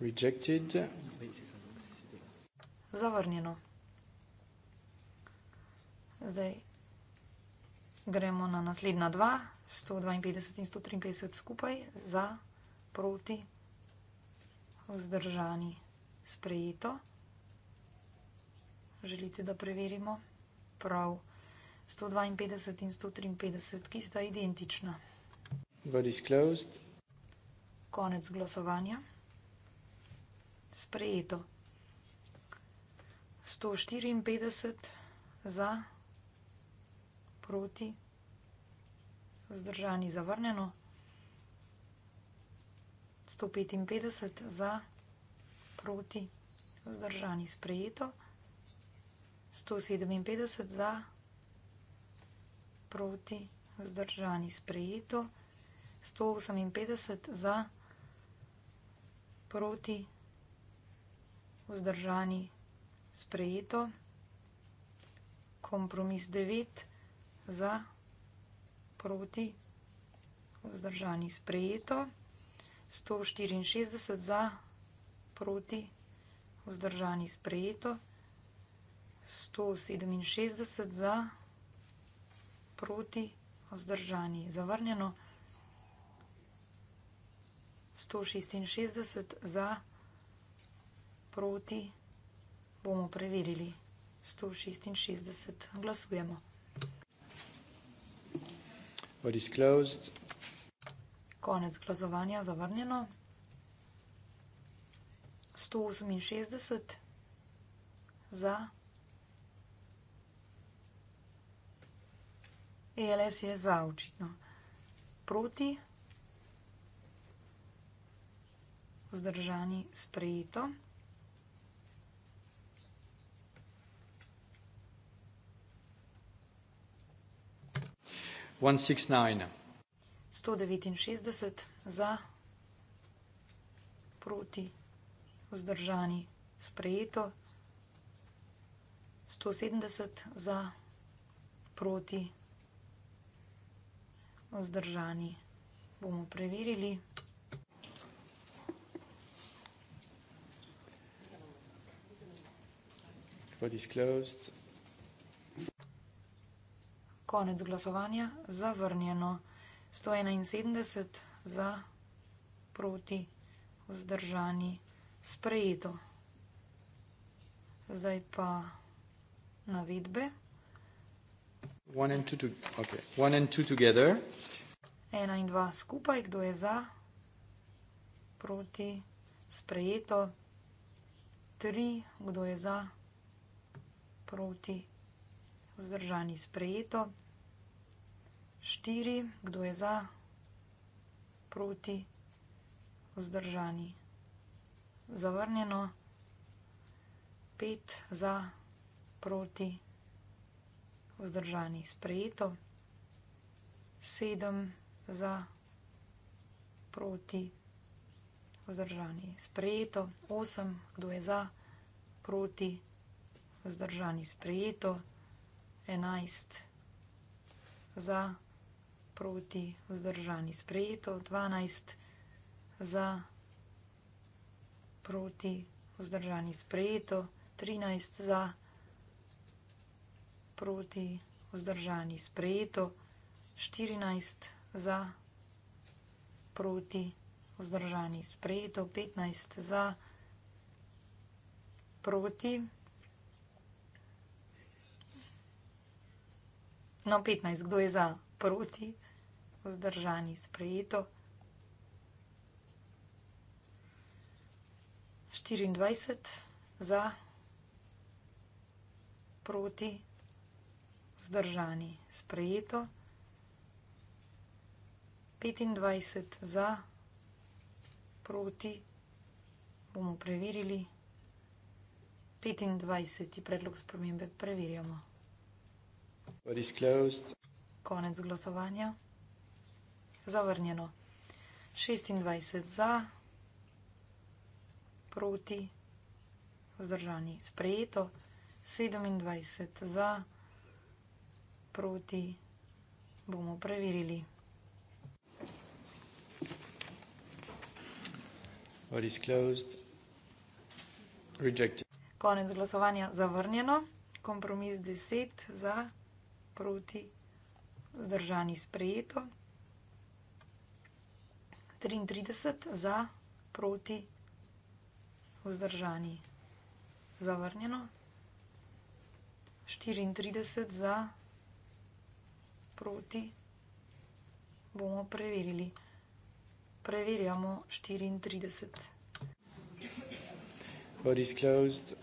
Rejected. Zavrnjeno. Zdaj gremo na naslednja dva, 152 in 153 skupaj, za, proti, vzdržani, sprejeto želite, da preverimo? Prav. 152 in 153, ki sta identična. Konec glasovanja. Sprejeto. 154 za, proti, vzdržani, zavrnjeno. 155 za, proti, vzdržani, sprejeto. 157 za, proti, vzdržani, sprejeto. 158 za, proti, vzdržani, sprejeto. Kompromis 9 za, proti, vzdržani, sprejeto. 164 za, proti, vzdržani, sprejeto. 167 za, proti, vzdržani, zavrnjeno. 166 za, proti, bomo preverili. 166, glasujemo. What is closed? Konec glasovanja, zavrnjeno. 168 za, proti, vzdržani. E LS je zaučino. Proti, vzdržani sprejeto. Sto devetinšestdeset za, proti, vzdržani sprejeto. Sto sedemdeset za, proti, vzdržani sprejeto vzdržani. Bomo preverili. Konec glasovanja. Zavrnjeno. 171 za, proti, vzdržani. Sprejeto. Zdaj pa navedbe. One and two, two. Okay. One and two together. Ena in dva skupaj, kdo je za, proti, sprejeto. Tri, kdo je za, proti, vzdržani, sprejeto. Štiri, kdo je za, proti, vzdržani, zavrnjeno. Pet za, proti, vzdržani vzdržanih, sprejeto, sedem za, proti, vzdržanih, sprejeto, osem, kdo je za, proti, vzdržanih, sprejeto, enajst za, proti, vzdržanih, sprejeto, dvanajst za, proti, vzdržanih, sprejeto, trinajst za, proti, proti, vzdržani, sprejeto, 14 za, proti, vzdržani, sprejeto, 15 za, proti. No, 15, kdo je za, proti, vzdržani, sprejeto. 24 za, proti, vzdržani, sprejeto vzdržani, sprejeto. 25 za, proti bomo preverili. 25 je predlog spremembe, preverjamo. Konec glasovanja. Zavrnjeno. 26 za, proti, vzdržani, sprejeto. 27 za, proti proti, bomo preverili. Konec glasovanja zavrnjeno. Kompromis 10 za, proti, zdržani sprejeto. 33 za, proti, vzdržani zavrnjeno. 34 za, proti, vzdržani zavrnjeno proti, bomo preverili. Preverjamo 34. Is closed.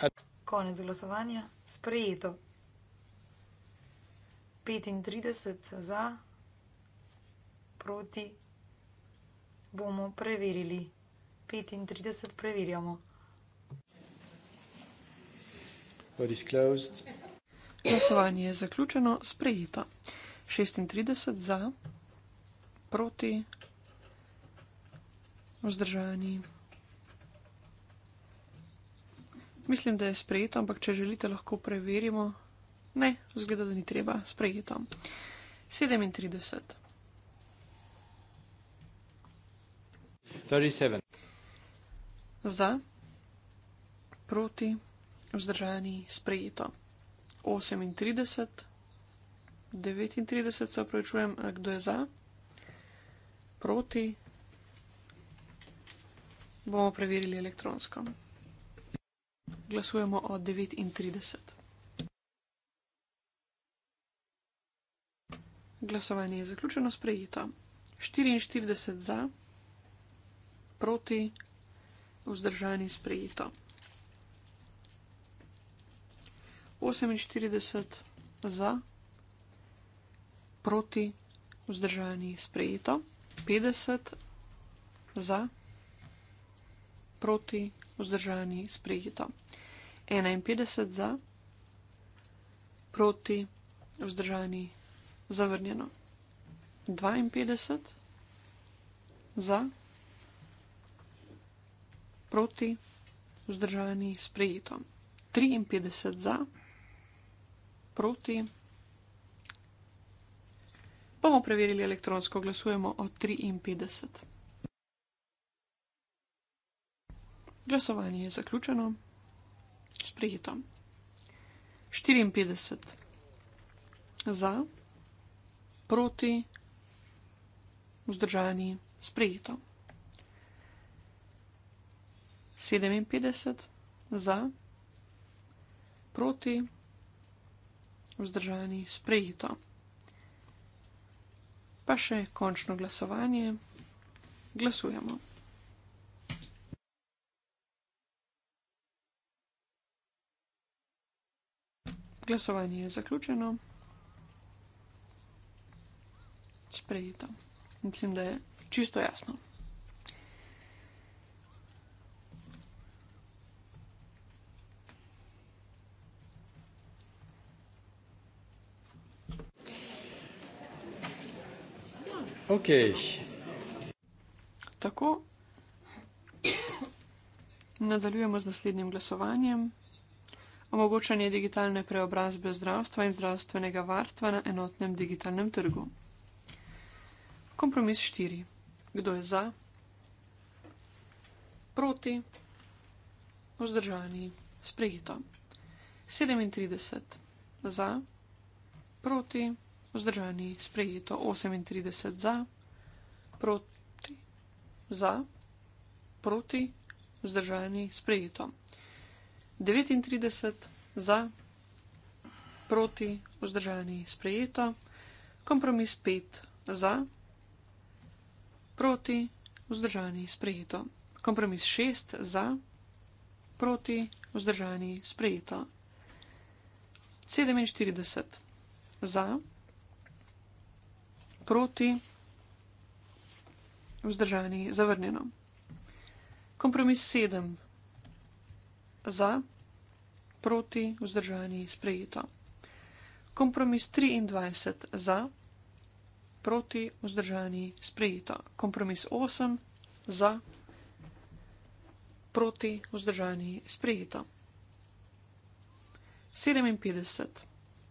At Konec glasovanja, sprejeto. 35 za, proti, bomo preverili. 35 preverjamo. But is closed. Glasovanje je zaključeno, sprejeto. 36 za, proti, vzdržani. Mislim, da je sprejeto, ampak če želite, lahko preverimo. Ne, zgleda, da ni treba, sprejeto. 37. 37. Za, proti, vzdržani, sprejeto. 38, 39 se opravičujem, kdo je za, proti, bomo preverili elektronsko. Glasujemo o 39. Glasovanje je zaključeno, sprejeto. 44 za, proti, vzdržani, sprejeto. 48 za, proti, vzdržani, sprejeto. 50 za, proti, vzdržani, sprejeto. 51 za, proti, vzdržani, zavrnjeno. 52 za, proti, vzdržani, sprejeto. 53 za, proti, vzdržani, sprejeto proti. Bomo preverili elektronsko, glasujemo o 53. Glasovanje je zaključeno, sprejeto. 54 za, proti, vzdržani, sprejeto. 57 za, proti, vzdržani vzdržani, sprejito. Pa še končno glasovanje. Glasujemo. Glasovanje je zaključeno. Sprejito. Mislim, da je čisto jasno. Okay. Tako. Nadaljujemo z naslednjim glasovanjem. Omogočanje digitalne preobrazbe zdravstva in zdravstvenega varstva na enotnem digitalnem trgu. Kompromis 4. Kdo je za? Proti? Vzdržani? Sprejeto. 37. Za? Proti? vzdržani, sprejeto 38 za, proti, za, proti, vzdržani, sprejeto 39 za, proti, vzdržani, sprejeto, kompromis 5 za, proti, vzdržani, sprejeto, kompromis 6 za, proti, vzdržani, sprejeto 47 za, proti, vzdržani, sprejeto proti, vzdržani, zavrnjeno. Kompromis sedem za, proti, vzdržani, sprejeto. Kompromis 23 za, proti, vzdržani, sprejeto. Kompromis 8 za, proti, vzdržani, sprejeto. 57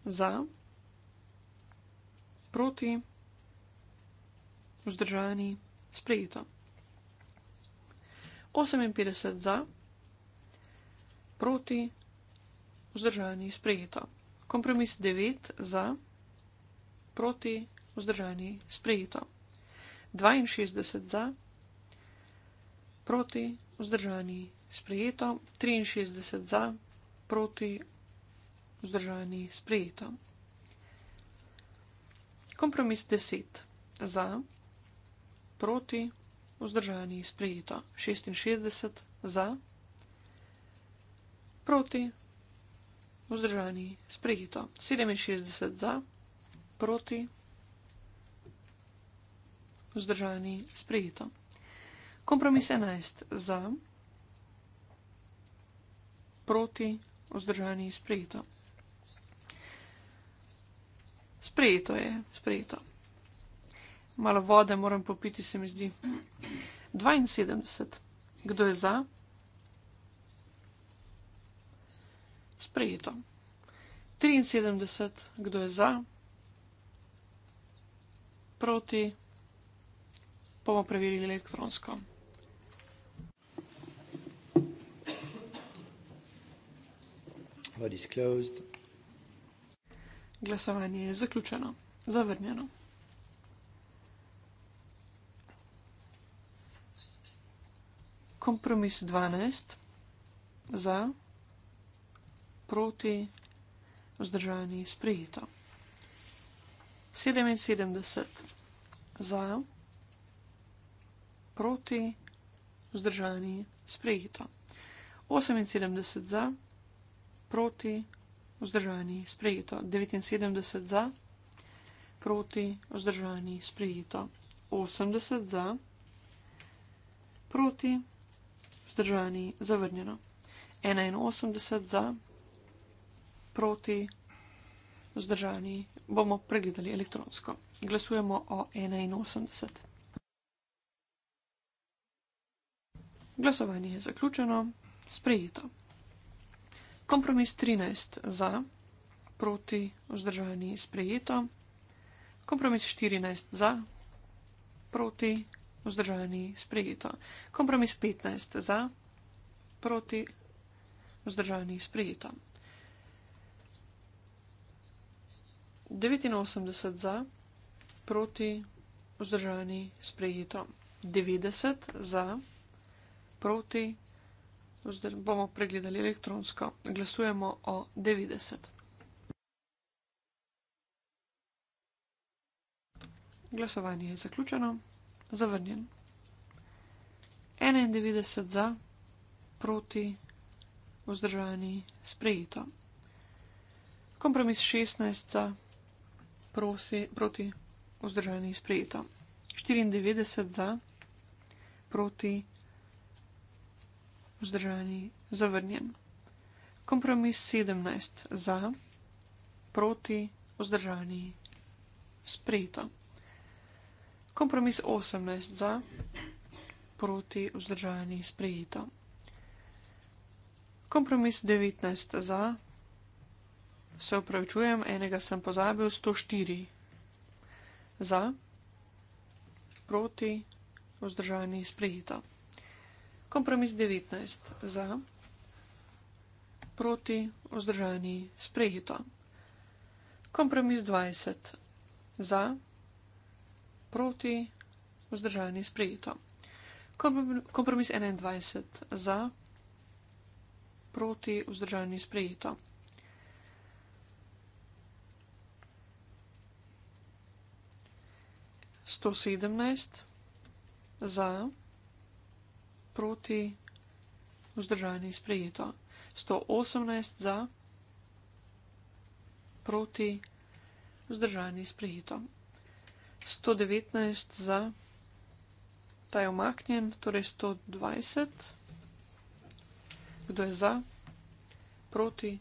za, proti, vzdržani, sprejeto vzdržani, sprejeto. 58 za, proti, vzdržani, sprejeto. Kompromis 9 za, proti, vzdržani, sprejeto. 62 za, proti, vzdržani, sprejeto. 63 za, proti, vzdržani, sprejeto. Kompromis 10 za, proti, vzdržani, sprejeto proti, vzdržani je sprejeto 66 za, proti, vzdržani je sprejeto 67 za, proti, vzdržani je sprejeto. Kompromis 11 za, proti, vzdržani je sprejeto. Sprejeto je, sprejeto malo vode moram popiti, se mi zdi. 72. Kdo je za? Sprejeto. 73. Kdo je za? Proti. Bomo preverili elektronsko. Glasovanje je zaključeno, zavrnjeno. kompromis 12 za, proti, vzdržani, sprejeto. 77 za, proti, vzdržani, sprejeto. 78 za, proti, vzdržani, sprejeto. 79 za, proti, vzdržani, sprejeto. 80 za, proti, vzdržani, sprejeto vzdržani, zavrnjeno. 81 za, proti, vzdržani, bomo pregledali elektronsko. Glasujemo o 81. Glasovanje je zaključeno, sprejeto. Kompromis 13 za, proti, vzdržani, sprejeto. Kompromis 14 za, proti, Vzdržani, sprejeto. Kompromis 15 za, proti, vzdržani, sprejeto. 89 za, proti, vzdržani, sprejeto. 90 za, proti, vzdr bomo pregledali elektronsko. Glasujemo o 90. Glasovanje je zaključeno zavrnjen. 91 za, proti, vzdržani, sprejeto. Kompromis 16 za, prosi, proti, vzdržani, sprejeto. 94 za, proti, vzdržani, zavrnjen. Kompromis 17 za, proti, vzdržani, sprejeto. Kompromis 18 za, proti vzdržani sprejeto. Kompromis 19 za, se upravičujem, enega sem pozabil, 104 za, proti vzdržani sprejeto. Kompromis 19 za, proti vzdržani sprejeto. Kompromis 20 za, proti vzdržani sprejeto proti, vzdržani sprejeto. Kompromis 21 za, proti, vzdržani sprejeto. Sto sedemnajst za, proti, vzdržani sprejeto. Sto osemnajst za, proti, vzdržani sprejeto. 119 za, ta je omaknjen, torej 120. Kdo je za, proti,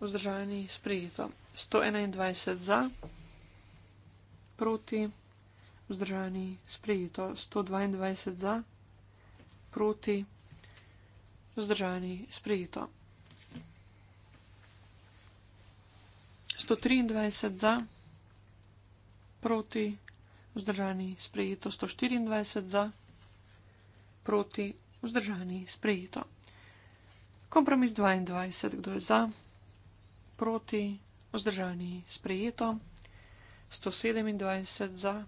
vzdržajni, sprejeto. 121 za, proti, vzdržajni, sprejeto. 122 za, proti, vzdržajni, sprejeto. 123 za, proti, vzdržajni, sprejeto proti, vzdržani, sprejeto 124 za, proti, vzdržani, sprejeto. Kompromis 22, kdo je za, proti, vzdržani, sprejeto 127 za,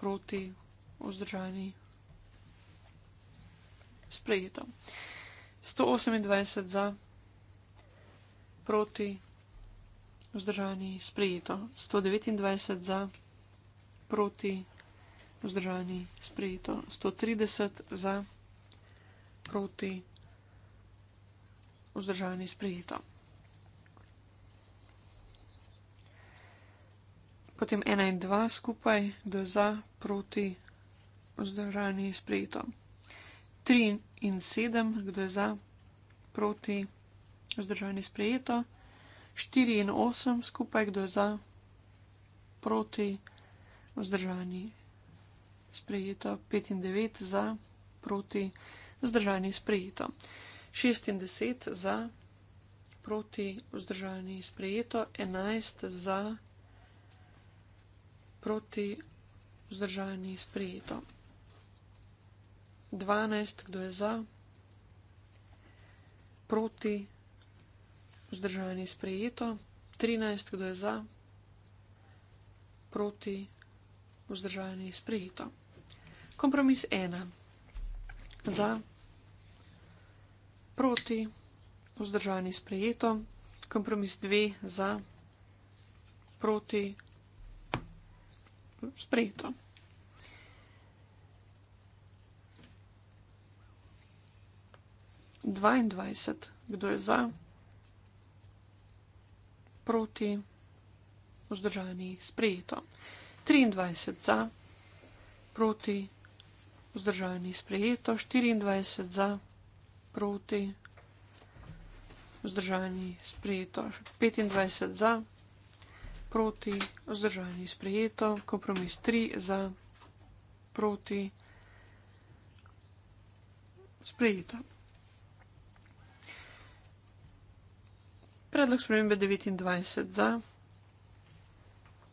proti, vzdržani, sprejeto 128 za, proti, vzdržani vzdržani, sprejeto. 129 za, proti, vzdržani, sprejeto. 130 za, proti, vzdržani, sprejeto. Potem 1 in 2 skupaj, D za, proti, vzdržani, sprejeto. 3 in 7, kdo je za, proti, vzdržani, sprejeto. 4 in 8 skupaj, kdo je za, proti, vzdržani, sprejeto, 5 in 9 za, proti, vzdržani, sprejeto, 6 in 10 za, proti, vzdržani, sprejeto, 11 za, proti, vzdržani, sprejeto, 12, kdo je za, proti, vzdržani, sprejeto, Vzdržanje je sprejeto. 13, kdo je za, proti, vzdržanje je sprejeto. Kompromis 1. Za, proti, vzdržanje je sprejeto. Kompromis 2. Za, proti, sprejeto. Dvaindvajset, kdo je za? proti, vzdržani, sprejeto. 23 za, proti, vzdržani, sprejeto. 24 za, proti, vzdržani, sprejeto. 25 za, proti, vzdržani, sprejeto. Kompromis 3 za, proti, sprejeto. Predlog spremembe 29 za,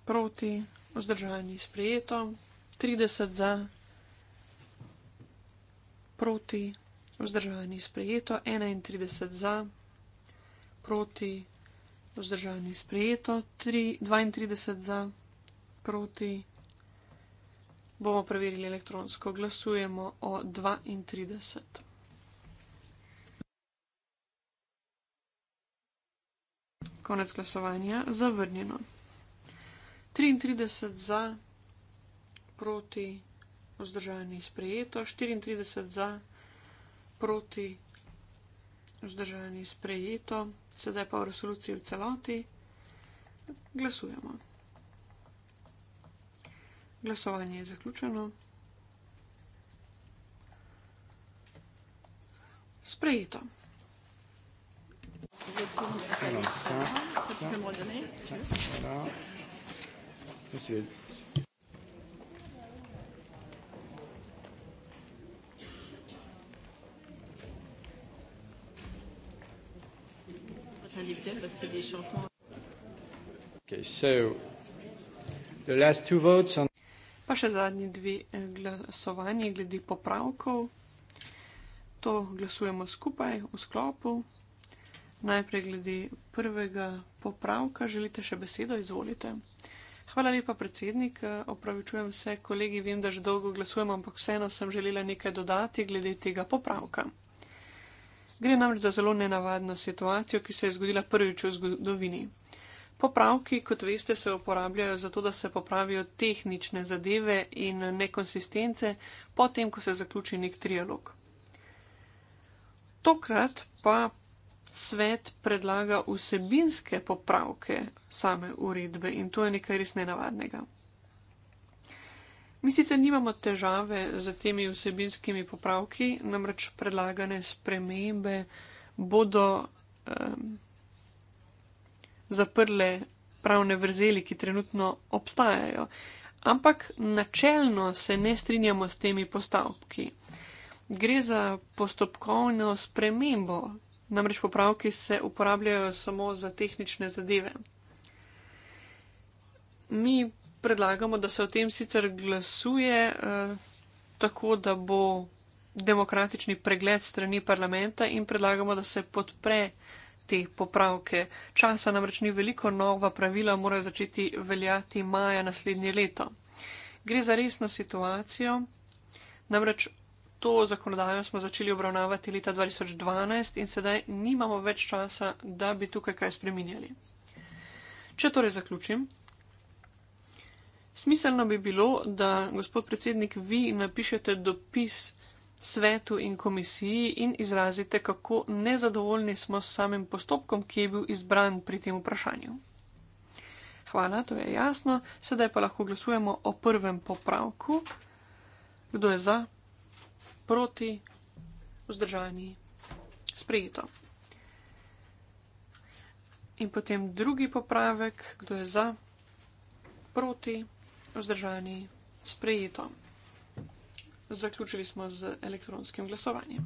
proti, vzdržani sprejeto, 30 za, proti, vzdržani sprejeto, 31 za, proti, vzdržani sprejeto, 3, 32 za, proti. Bomo preverili elektronsko. Glasujemo o 32. Konec glasovanja. Zavrnjeno. 33 za, proti, vzdržani, sprejeto. 34 za, proti, vzdržani, sprejeto. Sedaj pa v resoluciji v celoti. Glasujemo. Glasovanje je zaključeno. Sprejeto. Pa še zadnji dve eh, glasovanji glede popravkov. To glasujemo skupaj v sklopu. Najprej glede prvega popravka, želite še besedo, izvolite. Hvala lepa, predsednik. Opravičujem se, kolegi, vem, da že dolgo glasujem, ampak vseeno sem želela nekaj dodati glede tega popravka. Gre namreč za zelo nenavadno situacijo, ki se je zgodila prvič v zgodovini. Popravki, kot veste, se uporabljajo zato, da se popravijo tehnične zadeve in nekonsistence, potem, ko se zaključi nek trialog. Tokrat pa svet predlaga vsebinske popravke same uredbe in to je nekaj res nenavadnega. Mi sicer nimamo težave z temi vsebinskimi popravki, namreč predlagane spremembe bodo um, zaprle pravne vrzeli, ki trenutno obstajajo. Ampak načelno se ne strinjamo s temi postavki. Gre za postopkovno spremembo, Namreč popravki se uporabljajo samo za tehnične zadeve. Mi predlagamo, da se o tem sicer glasuje eh, tako, da bo demokratični pregled strani parlamenta in predlagamo, da se podpre te popravke. Časa namreč ni veliko, nova pravila morajo začeti veljati maja naslednje leto. Gre za resno situacijo. Namreč to zakonodajo smo začeli obravnavati leta 2012 in sedaj nimamo več časa, da bi tukaj kaj spremenjali. Če torej zaključim, smiselno bi bilo, da gospod predsednik vi napišete dopis svetu in komisiji in izrazite, kako nezadovoljni smo s samim postopkom, ki je bil izbran pri tem vprašanju. Hvala, to je jasno. Sedaj pa lahko glasujemo o prvem popravku. Kdo je za proti, vzdržani, sprejeto. In potem drugi popravek, kdo je za, proti, vzdržani, sprejeto. Zaključili smo z elektronskim glasovanjem.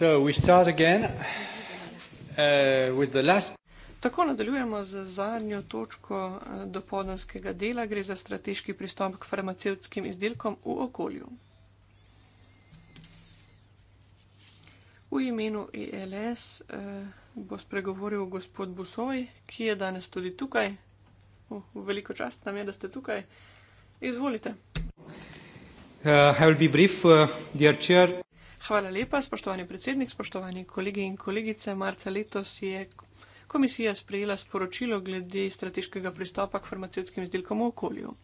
Uh, Tako nadaljujemo z zadnjo točko uh, dopodanskega dela, gre za strateški pristop k farmacevtskim izdelkom v okolju. V imenu ELS uh, bo spregovoril gospod Busoj, ki je danes tudi tukaj. V veliko čast nam je, da ste tukaj. Izvolite. Uh, I will be brief, uh, dear chair. Hvala lepa, spoštovani predsednik, spoštovani kolegi in kolegice. Marca letos je komisija sprejela sporočilo glede strateškega pristopa k farmacevskim izdelkom v okolju.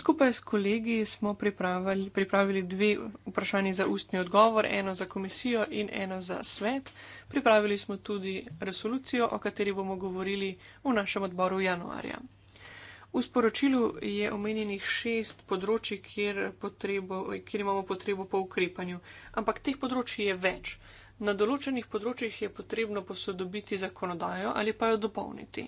Skupaj s kolegi smo pripravili, pripravili dve vprašanji za ustni odgovor, eno za komisijo in eno za svet. Pripravili smo tudi resolucijo, o kateri bomo govorili v našem odboru v januarju. V sporočilu je omenjenih šest področji, kjer, potrebo, kjer imamo potrebo po ukrepanju, ampak teh področji je več. Na določenih področjih je potrebno posodobiti zakonodajo ali pa jo dopolniti.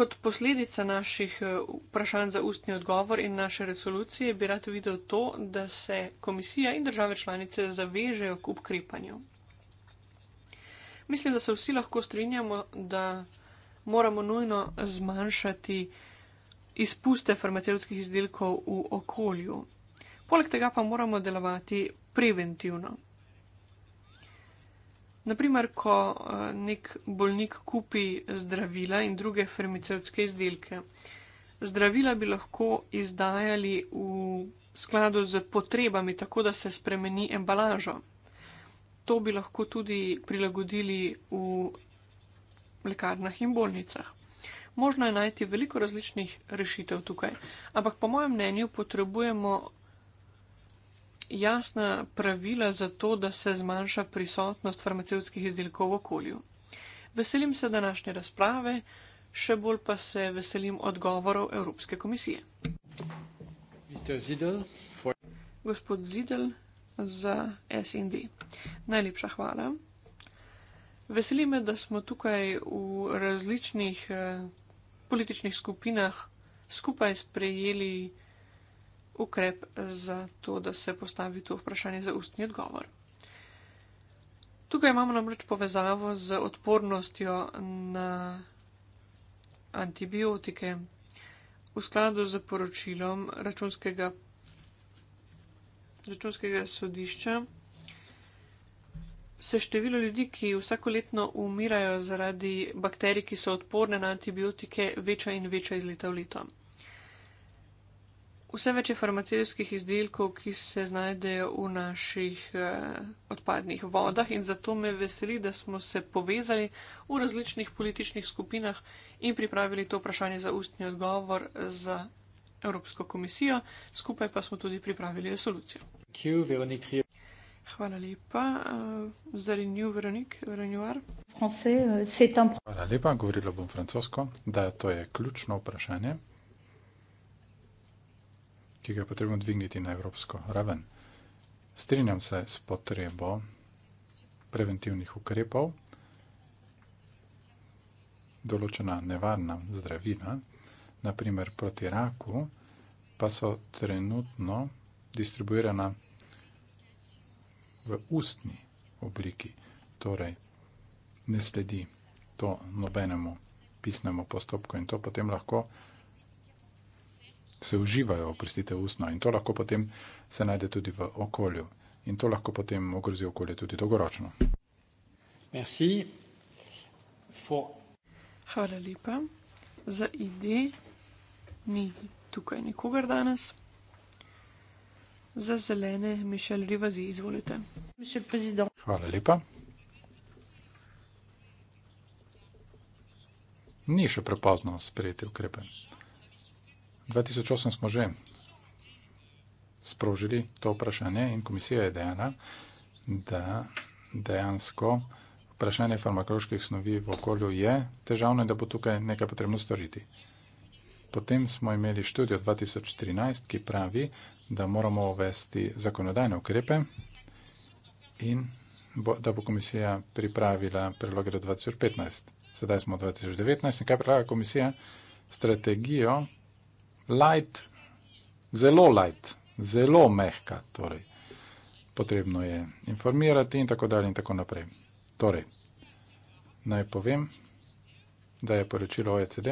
Kot posledica naših eh, vprašanj za ustni odgovor in naše resolucije bi rad videl to, da se komisija in države članice zavežejo k ukrepanju. Mislim, da se vsi lahko strinjamo, da moramo nujno zmanjšati izpuste farmacevskih izdelkov v okolju. Poleg tega pa moramo delovati preventivno. Naprimer, ko eh, nek bolnik kupi zdravila in druge farmacevske izdelke. Zdravila bi lahko izdajali v skladu z potrebami, tako da se spremeni embalažo. To bi lahko tudi prilagodili v lekarnah in bolnicah. Možno je najti veliko različnih rešitev tukaj, ampak po mojem mnenju potrebujemo jasna pravila za to, da se zmanjša prisotnost farmacevskih izdelkov v okolju. Veselim se današnje razprave, še bolj pa se veselim odgovorov Evropske komisije. Zidl, for... Gospod Zidel za SND. Najlepša hvala. Veseli me, da smo tukaj v različnih eh, političnih skupinah skupaj sprejeli ukrep za to, da se postavi to vprašanje za ustni odgovor. Tukaj imamo namreč povezavo z odpornostjo na antibiotike v skladu z poročilom računskega, računskega sodišča se število ljudi, ki vsakoletno umirajo zaradi bakterij, ki so odporne na antibiotike, veča in veča iz leta v leto. Vse več je farmacevskih izdelkov, ki se znajdejo v naših eh, odpadnih vodah in zato me veseli, da smo se povezali v različnih političnih skupinah in pripravili to vprašanje za ustni odgovor za Evropsko komisijo. Skupaj pa smo tudi pripravili resolucijo. Thank you, Hvala lepa. Zanimiv Veronik, Veronjuar. Hvala lepa, govorila bom francosko, da to je ključno vprašanje, ki ga je potrebno dvigniti na evropsko raven. Strinjam se s potrebo preventivnih ukrepov, določena nevarna zdravila, naprimer proti raku, pa so trenutno distribuirana v ustni obliki, torej ne sledi to nobenemu pisnemu postopku in to potem lahko se uživajo, oprostite, ustno in to lahko potem se najde tudi v okolju in to lahko potem ogrozi okolje tudi dolgoročno. Merci. For... Hvala lepa. Za ide ni tukaj nikogar danes za zelene Mišel Rivazi. Izvolite. Hvala lepa. Ni še prepozno sprejeti ukrepe. 2008 smo že sprožili to vprašanje in komisija je dejana, da dejansko vprašanje farmakoloških snovi v okolju je težavno in da bo tukaj nekaj potrebno storiti. Potem smo imeli študijo 2013, ki pravi, da moramo uvesti zakonodajne ukrepe in bo, da bo komisija pripravila predloge do 2015. Sedaj smo v 2019 in kaj pripravlja komisija? Strategijo light, zelo light, zelo mehka, torej potrebno je informirati in tako dalje in tako naprej. Torej, naj povem, da je poročilo OECD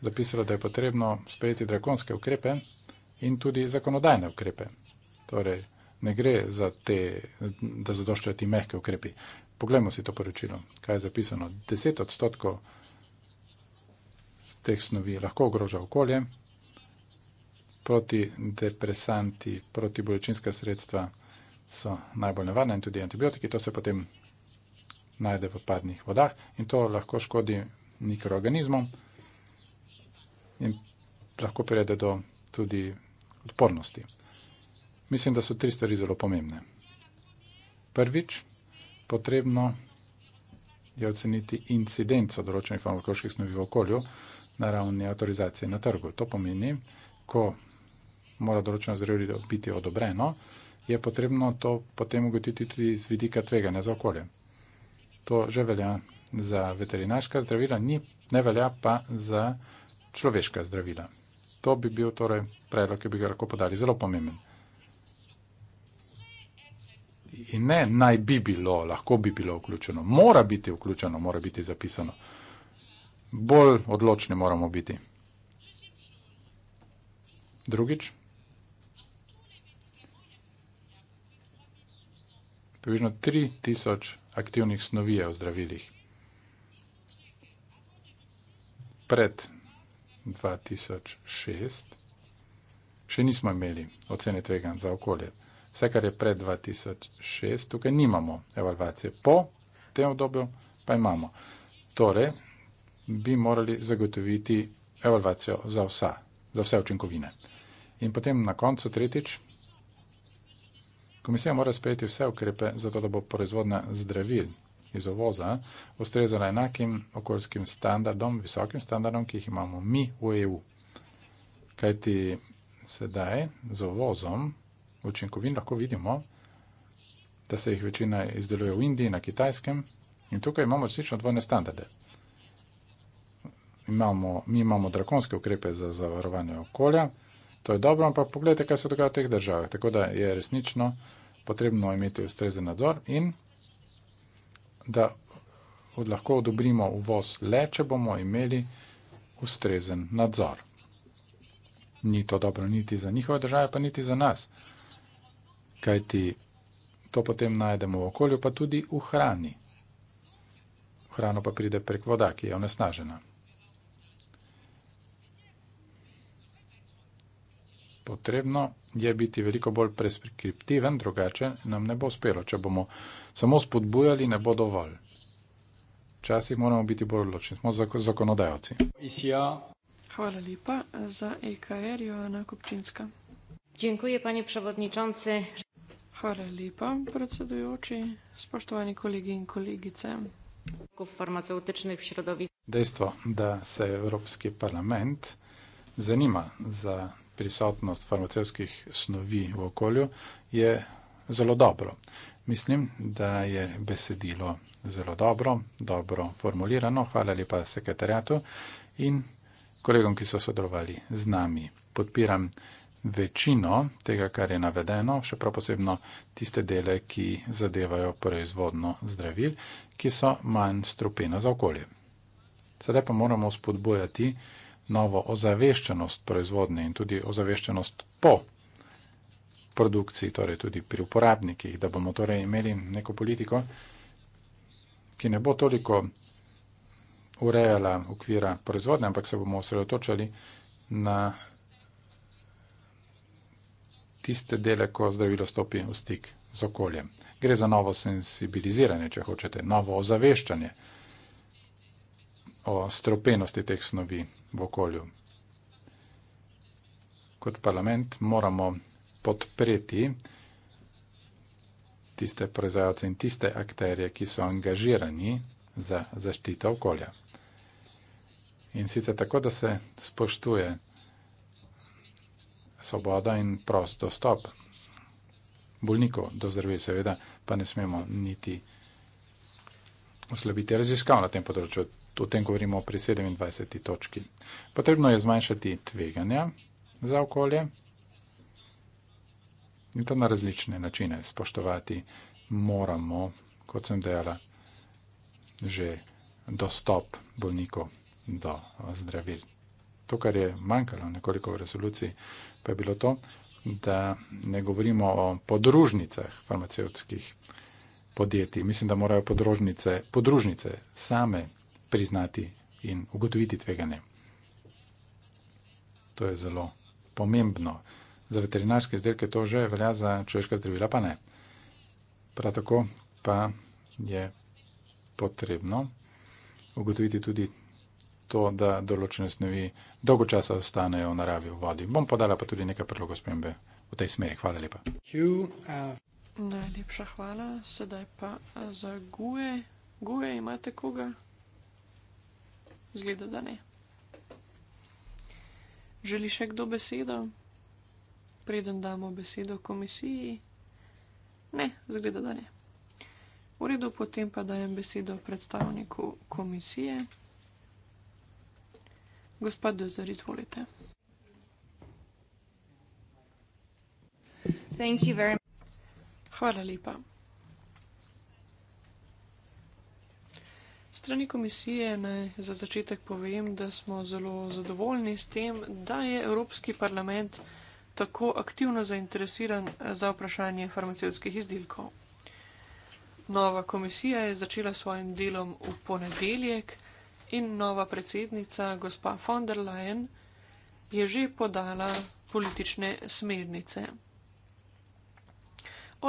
zapisalo, da je potrebno sprejeti drakonske ukrepe, in tudi zakonodajne ukrepe. Torej, ne gre za te, da zadoščajo ti mehke ukrepi. Poglejmo si to poročilo, kaj je zapisano. 10 odstotkov teh snovi lahko ogroža okolje, protidepresanti, protibolečinska sredstva so najbolj nevarna in tudi antibiotiki, to se potem najde v odpadnih vodah in to lahko škodi mikroorganizmom in lahko prede do tudi odpornosti. Mislim, da so tri stvari zelo pomembne. Prvič, potrebno je oceniti incidenco določenih farmakoloških snovi v okolju na ravni avtorizacije na trgu. To pomeni, ko mora določeno zdravilo biti odobreno, je potrebno to potem ugotiti tudi z vidika tveganja za okolje. To že velja za veterinarska zdravila, ni, ne velja pa za človeška zdravila. To bi bil torej predlog, ki bi ga lahko podali. Zelo pomemben. In ne naj bi bilo, lahko bi bilo vključeno. Mora biti vključeno, mora biti zapisano. Bolj odločni moramo biti. Drugič. Približno 3000 aktivnih snovi je v zdravilih. Pred 2006, še nismo imeli ocene tvegan za okolje. Vse, kar je pred 2006, tukaj nimamo evalvacije. Po tem obdobju pa imamo. Torej, bi morali zagotoviti evalvacijo za, vsa, za vse učinkovine. In potem na koncu tretjič, komisija mora sprejeti vse ukrepe za to, da bo proizvodna zdravil iz ovoza, eh, ustrezala enakim okoljskim standardom, visokim standardom, ki jih imamo mi v EU. Kajti sedaj z ovozom učinkovin lahko vidimo, da se jih večina izdeluje v Indiji, na kitajskem in tukaj imamo resnično dvojne standarde. Imamo, mi imamo drakonske ukrepe za zavarovanje okolja, to je dobro, ampak pogledajte, kaj se dogaja v teh državah. Tako da je resnično potrebno imeti ustrezen nadzor in da lahko odobrimo uvoz le, če bomo imeli ustrezen nadzor. Ni to dobro niti za njihove države, pa niti za nas, kajti to potem najdemo v okolju, pa tudi v hrani. Hrano pa pride prek voda, ki je onesnažena. potrebno je biti veliko bolj preskriptiven, drugače nam ne bo uspelo. Če bomo samo spodbujali, ne bo dovolj. Včasih moramo biti bolj odločni, smo zakonodajalci. Hvala lepa za EKR, Joana Kopčinska. Dziękuję, panie przewodniczący. Hvala lepa, predsedujoči, spoštovani kolegi in kolegice. Dejstvo, da se Evropski parlament zanima za prisotnost farmacevskih snovi v okolju, je zelo dobro. Mislim, da je besedilo zelo dobro, dobro formulirano. Hvala lepa sekretarjatu in kolegom, ki so sodelovali z nami. Podpiram večino tega, kar je navedeno, še prav posebno tiste dele, ki zadevajo proizvodno zdravil, ki so manj strupena za okolje. Sedaj pa moramo spodbojati novo ozaveščenost proizvodnje in tudi ozaveščenost po produkciji, torej tudi pri uporabnikih, da bomo torej imeli neko politiko, ki ne bo toliko urejala okvira proizvodnje, ampak se bomo osredotočali na tiste dele, ko zdravilo stopi v stik z okoljem. Gre za novo sensibiliziranje, če hočete, novo ozaveščanje o stropenosti teh snovi v okolju. Kot parlament moramo podpreti tiste proizvajalce in tiste akterje, ki so angažirani za zaščito okolja. In sicer tako, da se spoštuje svoboda in prost dostop bolnikov do zdravja, seveda pa ne smemo niti oslabiti raziskav na tem področju o tem govorimo pri 27. točki. Potrebno je zmanjšati tveganja za okolje in to na različne načine spoštovati. Moramo, kot sem dejala, že dostop bolnikov do zdravil. To, kar je manjkalo nekoliko v resoluciji, pa je bilo to, da ne govorimo o podružnicah farmacevtskih podjetij. Mislim, da morajo podružnice, podružnice same priznati in ugotoviti tveganje. To je zelo pomembno. Za veterinarske izdelke to že velja, za človeška zdravila pa ne. Prav tako pa je potrebno ugotoviti tudi to, da določene snovi dolgo časa ostanejo v naravi v vodi. Bom podala pa tudi nekaj predlogov spremembe v tej smeri. Hvala lepa. Najlepša hvala, sedaj pa za guje. Guje imate koga? Zgleda, da ne. Želi še kdo besedo? Preden damo besedo komisiji? Ne, zgleda, da ne. V redu, potem pa dajem besedo predstavniku komisije. Gospod Dozer, izvolite. Hvala lepa. Strani komisije ne, za začetek povem, da smo zelo zadovoljni s tem, da je Evropski parlament tako aktivno zainteresiran eh, za vprašanje farmacevskih izdelkov. Nova komisija je začela svojim delom v ponedeljek in nova predsednica, gospa von der Leyen, je že podala politične smernice.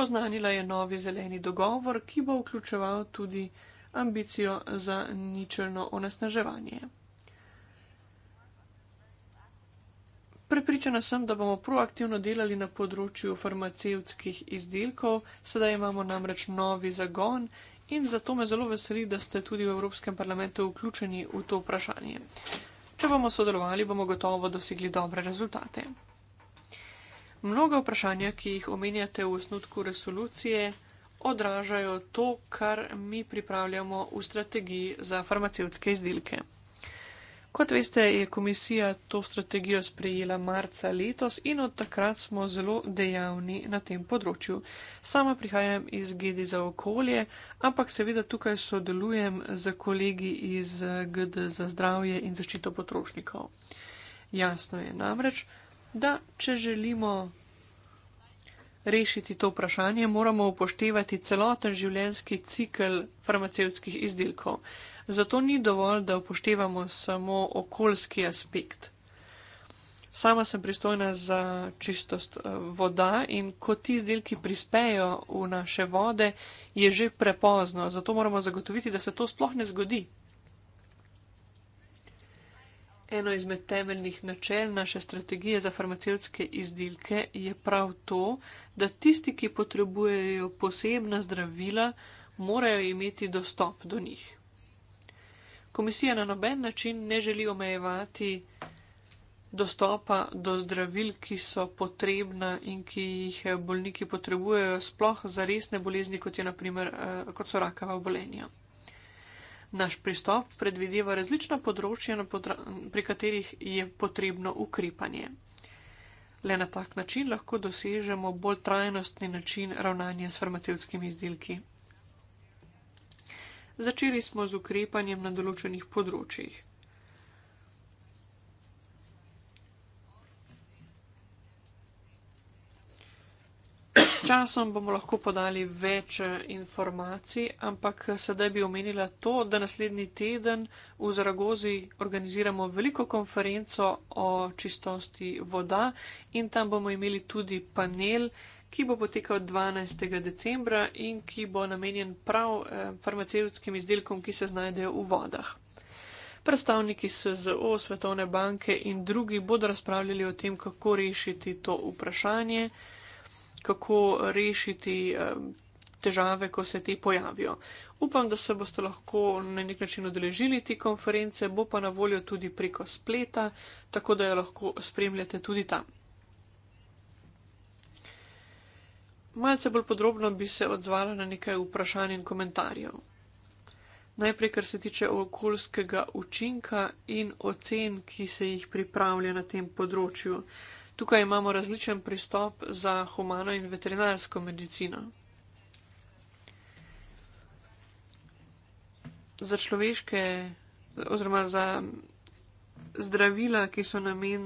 Oznanila je novi zeleni dogovor, ki bo vključeval tudi ambicijo za ničelno onesnaževanje. Prepričana sem, da bomo proaktivno delali na področju farmacevskih izdelkov, sedaj imamo namreč novi zagon in zato me zelo veseli, da ste tudi v Evropskem parlamentu vključeni v to vprašanje. Če bomo sodelovali, bomo gotovo dosegli dobre rezultate. Mnoga vprašanja, ki jih omenjate v osnutku resolucije, odražajo to, kar mi pripravljamo v strategiji za farmacevtske izdelke. Kot veste, je komisija to strategijo sprejela marca letos in od takrat smo zelo dejavni na tem področju. Sama prihajam iz GD za okolje, ampak seveda tukaj sodelujem z kolegi iz GD za zdravje in zaščito potrošnikov. Jasno je namreč, da če želimo rešiti to vprašanje, moramo upoštevati celoten življenjski cikl farmacevskih izdelkov. Zato ni dovolj, da upoštevamo samo okoljski aspekt. Sama sem pristojna za čistost eh, voda in ko ti izdelki prispejo v naše vode, je že prepozno. Zato moramo zagotoviti, da se to sploh ne zgodi. Eno izmed temeljnih načel naše strategije za farmacevtske izdelke je prav to, da tisti, ki potrebujejo posebna zdravila, morajo imeti dostop do njih. Komisija na noben način ne želi omejevati dostopa do zdravil, ki so potrebna in ki jih eh, bolniki potrebujejo, sploh za resne bolezni, kot, naprimer, eh, kot so rakava obolenja. Naš pristop predvideva različna področja, pri katerih je potrebno ukrepanje. Le na tak način lahko dosežemo bolj trajnostni način ravnanja s farmacevskimi izdelki. Začeli smo z ukrepanjem na določenih področjih. časom bomo lahko podali več eh, informacij, ampak eh, sedaj bi omenila to, da naslednji teden v Zaragozi organiziramo veliko konferenco o čistosti voda in tam bomo imeli tudi panel, ki bo potekal 12. decembra in ki bo namenjen prav eh, farmacevskim izdelkom, ki se znajdejo v vodah. Predstavniki SZO, Svetovne banke in drugi bodo razpravljali o tem, kako rešiti to vprašanje kako rešiti težave, ko se te pojavijo. Upam, da se boste lahko na nek način odeležili te konference, bo pa na voljo tudi preko spleta, tako da jo lahko spremljate tudi tam. Malce bolj podrobno bi se odzvala na nekaj vprašanj in komentarjev. Najprej, kar se tiče okoljskega učinka in ocen, ki se jih pripravlja na tem področju. Tukaj imamo različen pristop za humano in veterinarsko medicino. Za človeške oziroma za zdravila, ki so namen,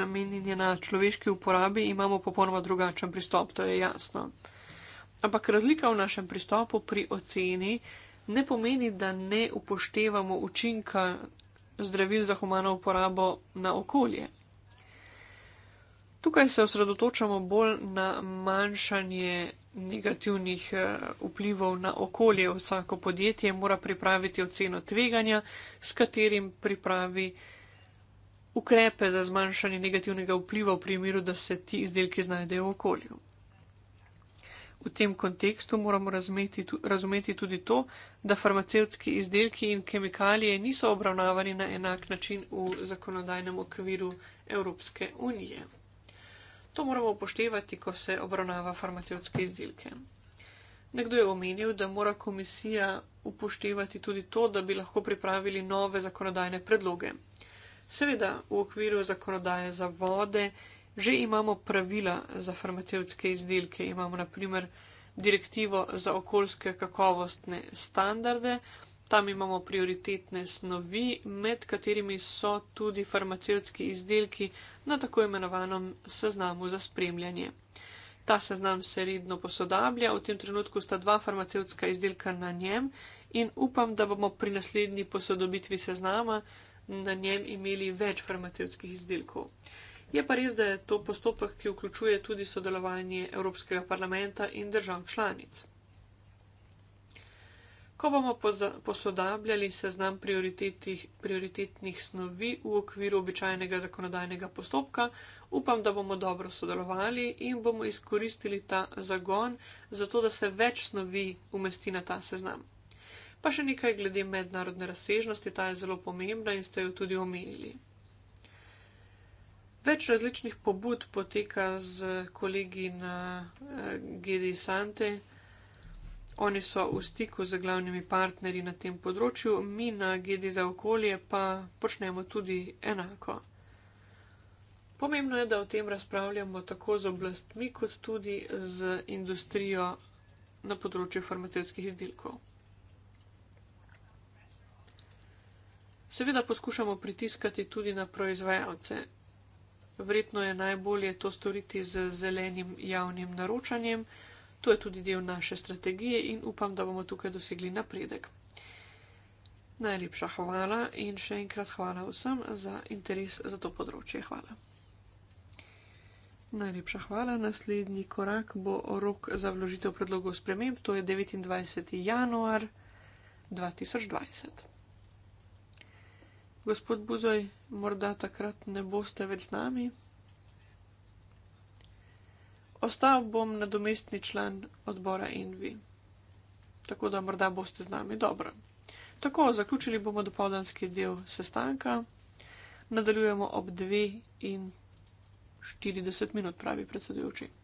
namenjena človeški uporabi, imamo popolnoma drugačen pristop, to je jasno. Ampak razlika v našem pristopu pri oceni ne pomeni, da ne upoštevamo učinka zdravil za humano uporabo na okolje. Tukaj se osredotočamo bolj na manjšanje negativnih eh, vplivov na okolje. Vsako podjetje mora pripraviti oceno tveganja, s katerim pripravi ukrepe za zmanjšanje negativnega vpliva v primeru, da se ti izdelki znajdejo v okolju. V tem kontekstu moramo razumeti, razumeti tudi to, da farmacevtski izdelki in kemikalije niso obravnavani na enak način v zakonodajnem okviru Evropske unije. To moramo upoštevati, ko se obravnava farmacevtske izdelke. Nekdo je omenil, da mora komisija upoštevati tudi to, da bi lahko pripravili nove zakonodajne predloge. Seveda, v okviru zakonodaje za vode že imamo pravila za farmacevtske izdelke, imamo naprimer direktivo za okoljske kakovostne standarde, Tam imamo prioritetne snovi, med katerimi so tudi farmacevtski izdelki na tako imenovanem seznamu za spremljanje. Ta seznam se redno posodablja, v tem trenutku sta dva farmacevtska izdelka na njem in upam, da bomo pri naslednji posodobitvi seznama na njem imeli več farmacevtskih izdelkov. Je pa res, da je to postopek, ki vključuje tudi sodelovanje Evropskega parlamenta in držav članic. Ko bomo posodabljali seznam prioritetnih snovi v okviru običajnega zakonodajnega postopka, upam, da bomo dobro sodelovali in bomo izkoristili ta zagon, zato da se več snovi umesti na ta seznam. Pa še nekaj glede mednarodne razsežnosti, ta je zelo pomembna in ste jo tudi omenili. Več različnih pobud poteka z kolegi na eh, GD Sante. Oni so v stiku z glavnimi partnerji na tem področju, mi na Gedi za okolje pa počnemo tudi enako. Pomembno je, da o tem razpravljamo tako z oblastmi, kot tudi z industrijo na področju farmacevskih izdelkov. Seveda poskušamo pritiskati tudi na proizvajalce. Vredno je najbolje to storiti z zelenim javnim naročanjem. To je tudi del naše strategije in upam, da bomo tukaj dosegli napredek. Najlepša hvala in še enkrat hvala vsem za interes za to področje. Hvala. Najlepša hvala. Naslednji korak bo rok za vložitev predlogov sprememb, to je 29. januar 2020. Gospod Buzoj, morda takrat ne boste več z nami ostal bom nadomestni član odbora Envi. Tako da morda boste z nami dobro. Tako, zaključili bomo dopoldanski del sestanka. Nadaljujemo ob 2 in 40 minut, pravi predsedujoči.